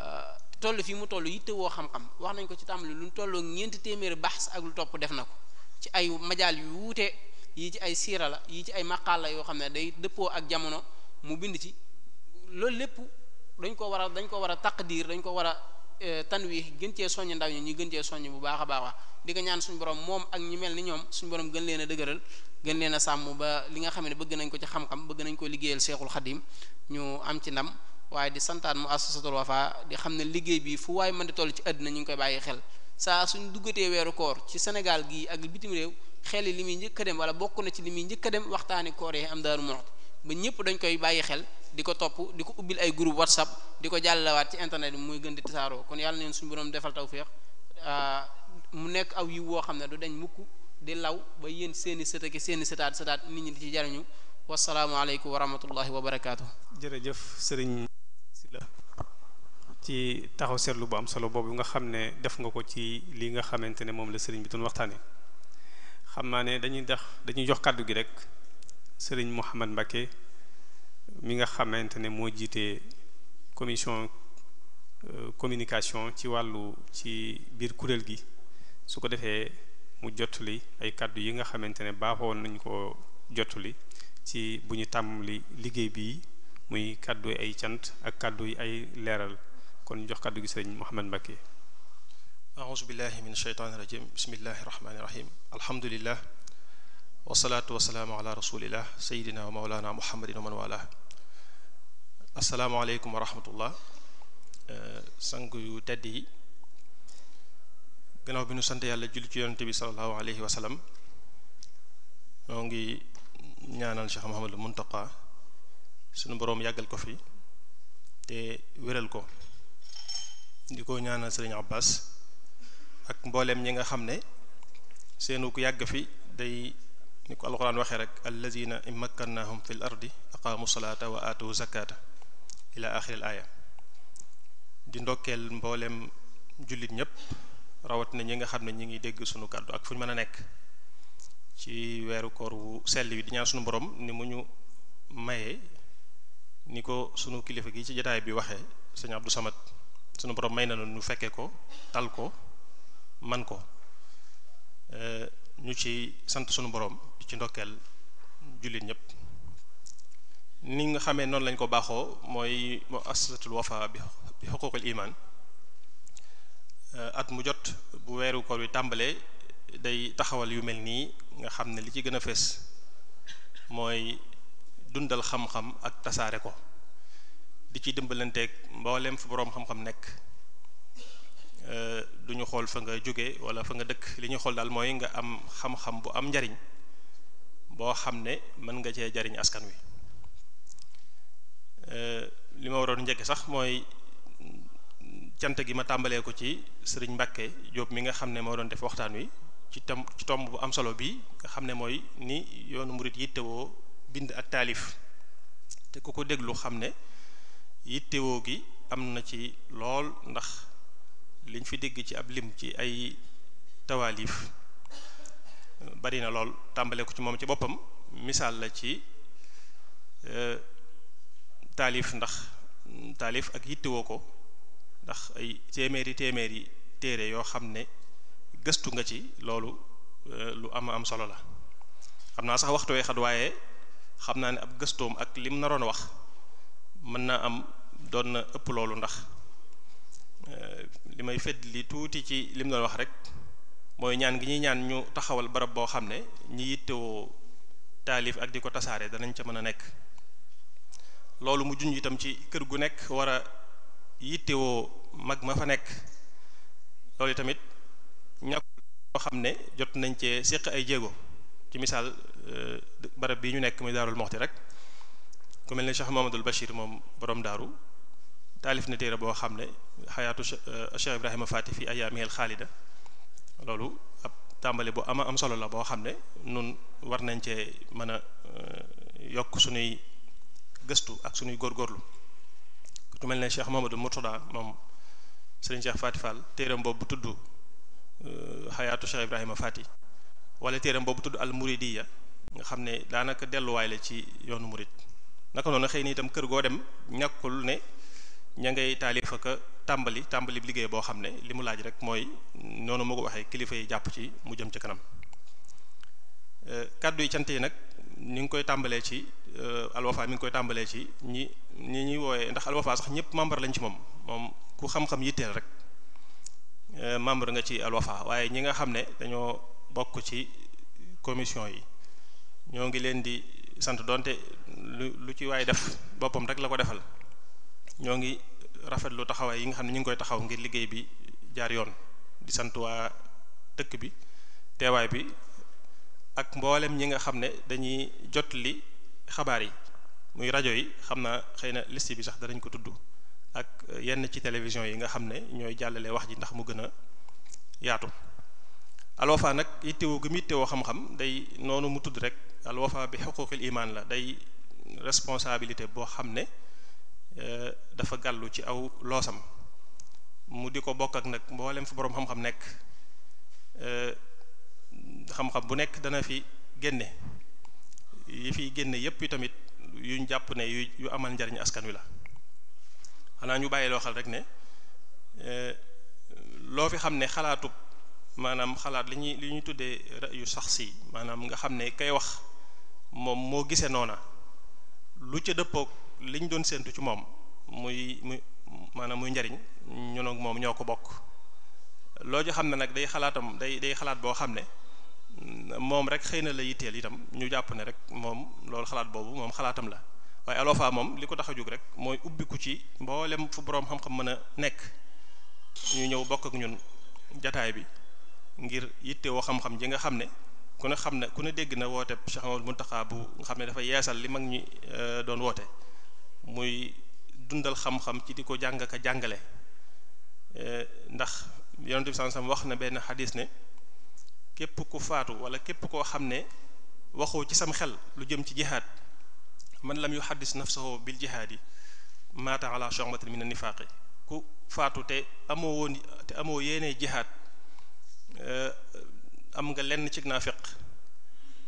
eh, toll fii mu toll yitte woo xam-xam wax nañ ko ci tàmbali lu tolloo ñeenti téeméeri baas ak lu topp def na ko ci ay majaal yu wuute yii ci ay siira la yii ci ay maqaal la yoo xam ne day dëppoo ak jamono mu bind ci loolu lépp dañ ko war a dañ ko war a diir dañ ko war a Euh, tanwi gën cee soññ ndaw ñi ñu gën cee soññ bu baax a baax wax di ko ñaan suñu borom moom ak ñi mel ni ñoom suñu borom gën leen a dëgëral gën leen a sàmm ba li nga xam ne bëgg nañ ko ci xam-xam bëgg nañ ko liggéeyal Seexul Xadim ñu am ci ndam waaye di santaat mu assasatul wafa di xam ne liggéey bi fu waaye man di toll ci àddina ñu ngi koy bàyyi xel saa suñ duggatee weeru koor ci Sénégal gii ak bitim réew xel yi li muy njëkk dem wala bokk na ci li muy njëkk a dem waxtaani koor yi am daaru diko top diko ubil ay groupe whatsapp diko jallawat ci internet bi muy gën di tasaaroo kon yalla neen suñu borom defal euh mu nekk aw yi wo xamne du dañ mukk di law ba yeen seeni sët ke seeni sëtaat sëtaat nit ñi di ci jariñu alaykum wa rahmatullahi wa jere jërëjëf sëriñ sila ci taxaw setlu bu am solo bobu nga xamne def nga ko ci li nga xamantene mom la bi tun waxtane xamane dañuy dañuy jox kaddu gi rek mohammed mbake mi nga xamante ne moo jiite commision euh, communication ci wàllu ci biir kuréel gi su ko defee mu jottali ay kàddu yi nga xamante ne baaxoon nañ ko jottali ci bu ñu tàmm li liggéey bii muy kàddu yi ay cant ak kàddu yi ay leeral kon jox kàddu gi sëriñ Mouhamed Mbacké a'uuzu billahi min shaytaani rajim bismillahi rahmaani rahim alhamdulillah wasalaatu wasalaamu ala rasulillah sayidina wa maulana muhammadin wa man walah asalaamaaleykum wa rahmatullah sang yu tedd yi gannaaw bi nu sant yàlla julli ci yonent bi sallallahu alayhi wa sallam noo ngi ñaanal Cheikh Mouhamadul Muntaqa sunu boroom yàggal ko fi te wéral ko di ko ñaanal Serigne Abbas ak mbooleem ñi nga xam ne seenu ku yàgg fi day ni ko alxuraan waxee rek allazina immakkannahum fil ardi aqaamu salaata wa aatu zakata ila akhir al aya di ndokel mbollem julit ñep rawat na ñi nga xamne ñi ngi dégg suñu kaddu ak fuñu mëna nek ci wéru koor wu sel wi di ñaan suñu borom ni muñu mayé niko suñu kilifa gi ci jotaay bi waxé seigne abdou samad suñu borom may na ñu ko tal ko man ko euh ñu ci sant suñu borom ci ndokel julit ñep ni nga xamee noonu lañ ko baaxoo mooy muassasatul wafa bi xuququl iman at mu jot bu weeru koor wi tàmbalee day taxawal yu mel nii nga xam ne li ci gën a fees mooy dundal xam-xam ak tasaare ko di ci dimbalanteeg mboolem fu boroom xam-xam nekk euh, du ñu xool fa nga jóge wala fa nga dëkk li ñu xool daal mooy nga am xam-xam bu am njariñ boo xam ne mën nga cee jariñ askan wi Eh, li ma waroon njëkk sax mooy cant gi ma tàmbalee ko ci sëriñ Mbacke Diop mi nga xam ne moo doon def waxtaan wi ci tam ci tomb bu am solo bi nga xam ne ni yoonu murit yittewoo bind ak taalif te ku ko déglu xam ne yittewoo gi am na ci lool ndax liñ fi dégg ci ab lim ci ay tawaalif bari na lool tambale ko ci moom ci boppam misaal la ci eh, taalif ndax mm, taalif ak yittewoo ko ndax ay téeméeri téeméeri téere yoo xam ne gëstu nga ci loolu e, lu am am solo la xam naa sax waxtu wee waaye xam naa ne ab gëstoom ak li lim naroon wax mën naa am doon na ëpp loolu ndax e, li may fedd li tuuti ci lim doon wax rek mooy ñaan gi ñuy ñaan ñu taxawal barab boo xam ne ñi yittewoo taalif ak di ko tasaare danañ ca mën a nekk loolu mu junj itam ci kër gu nekk war a yittewoo mag ma fa nekk loolu tamit ñàkkul loo xam ne jot nañ cee séq ay jéego ci misaal euh, barab bi ñu nekk muy daarul moxti rek ku mel ni Cheikh Mamadul Bachir moom boroom daaru taalif na téere boo xam ne xayaatu euh, Cheikh Ibrahima Fati fi ayaamihil xaalida loolu ab tàmbali bu am a am solo la boo xam ne nun war nañ cee mën a euh, yokk suñuy gëstu ak suñuy góorgóorlu ku mel ne Cheikh Mamadou Mourtada moom Serigne Cheikh Fati Fall téeram boobu tudd xayaatu euh, Cheikh Ibrahima Fati wala téeram boobu tudd al muridiya nga xam ne daanaka delluwaay la ci yoonu murid naka noonu xëy na itam kër goo dem ñàkkul ne ña ngay taalifa ak tàmbali tàmbali liggéey boo xam ne li mu laaj rek mooy noonu ma ko waxee kilifa yi jàpp ci mu jëm ci kanam euh, kàddu yi yi nag. ni ngi koy tàmbalee ci euh, alwafa mi ngi koy tàmbalee ci ñi ñi ñuy wooyee ndax alwafa sax ñëpp membre lañ ci moom moom ku xam-xam yitteel rek euh, membre nga ci alwafa waaye ñi nga xam ne dañoo bokk ci commission yi ñoo ngi leen di sant donte lu lu ci waay def boppam rek la ko defal ñoo ngi rafetlu taxawaay yi nga xam ne ñu ngi koy taxaw ngir liggéey bi jaar yoon di sant waa dëkk bi teewaay bi ak mboolem ñi nga xam ne dañuy jot li xabaar yi muy rajo yi xam naa xëy na liste bi sax danañ ko tudd ak yenn ci télévision yi nga xam ne ñooy jàllale wax ji ndax mu gën a yaatu alwafa nag yittewoo gi mu yittewoo xam-xam day noonu mu tudd rek alwafa bi xuquqil iman la day responsabilité boo xam ne eh, dafa gàllu ci aw loosam mu di ko bokk ak nag mboolem fi boroom xam-xam nekk eh, xam-xam bu nekk dana fi génne yi fi génne yépp yi tamit yuñ jàpp ne yu yu amal njariñ askan wi la xanaa ñu bàyyi loo xel rek ne e, loo fi xam ne xalaatub maanaam xalaat li ñuy li ñuy tuddee yu sax si maanaam nga xam ne kay wax moom moo gisee noona lu ca dëppoog liñ doon séentu ci moom muy muy maanaam muy njariñ ñun moom ñoo ko bokk loo ci xam ne nag day xalaatam day day xalaat boo xam ne moom rek xëy na la yitteel itam ñu jàpp ne rek moom loolu xalaat boobu moom xalaatam la waaye aloofa moom li ko tax a jóg rek mooy ubbiku ci mboolem fu boroom xam-xam mën a nekk ñu ñëw bokk ak ñun jataay bi ngir yitte woo xam-xam ji nga xam ne ku ne xam ne ku ne dégg na woote Cheikh Amadou Mountakha bu nga xam ne dafa yeesal li mag ñi euh, doon woote muy dundal xam ci di ko jàng ka jàngale euh, ndax yonent bi sallallahu alayhi wax na benn xadis ne képp ku faatu wala képp koo xam ne waxoo ci sam xel lu jëm ci jihaad man lam yu xaddis nafsahu bil jihaad yi maata ala shoxmatin min nifaaqi ku faatu te amoo woon te amoo yéene jihaad am nga lenn ci naafiq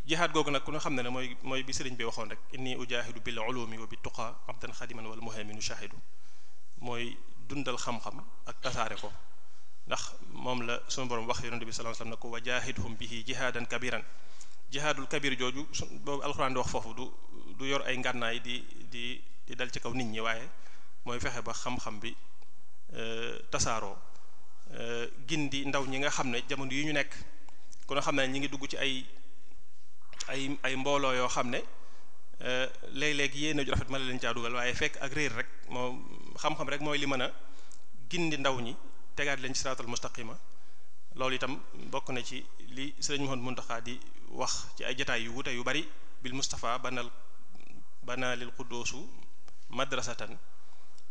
jihaad googu nag ku nga xam ne ne mooy mooy bi sëriñ bi waxoon rek inni ujahidu bil ulumi wa bi tuqa abdan xadiman wal muhaminu shahidu mooy dundal xam-xam ak tasaare ko ndax moom la suñu borom wax yonent bi sallallahu alayhi wasallam ko wa jaahidhum bihi jihaadan kabiran jihaadul kabir jooju su boobu alxuraan di wax foofu du du yor ay ngànnaay di di dal ci kaw nit ñi waaye mooy fexe ba xam-xam bi euh, tasaaroo euh, gindi ndaw ñi nga xam ne jamono yi ñu nekk kon xam na ñi ngi dugg ci ay ay ay mbooloo yoo xam ne euh, léeg-léeg yéen a ju rafet mën na leen caa dugal waaye fekk ak réer rek moo xam-xam rek mooy li mën a gindi ndaw ñi tegaat leen ci siraatal mustaqima loolu itam bokk na ci li sëriñ Mouhamed Muntaxa di wax ci ay jataay yu wute yu bari bil Mustafa banal lil quddoosu madrasatan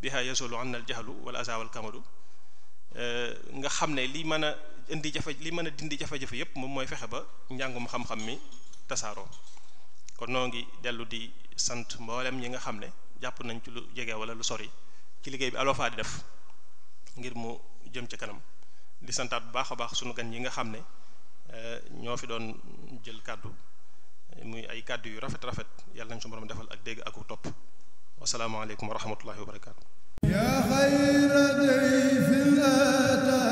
biha yasulu anna al jahlu wal aza wal kamadu nga xam ne li mën a indi jafe li mën a dindi jafe-jafe yépp moom mooy fexe ba njàngum xam-xam mi tasaaroo kon noo ngi dellu di sant mboolem ñi nga xam ne jàpp nañ ci lu jege wala lu sori ci liggéey bi di def ngir mu jëm ci kanam di santaat bu baax a baax sunu gan yi nga xam ne eh, ñoo fi doon jël kàddu muy ay kàddu yu rafet rafet yàlla nañ su borom defal ak dégg aku topp wasalaamaaleykum wa rahmatullahi wa barakaatu.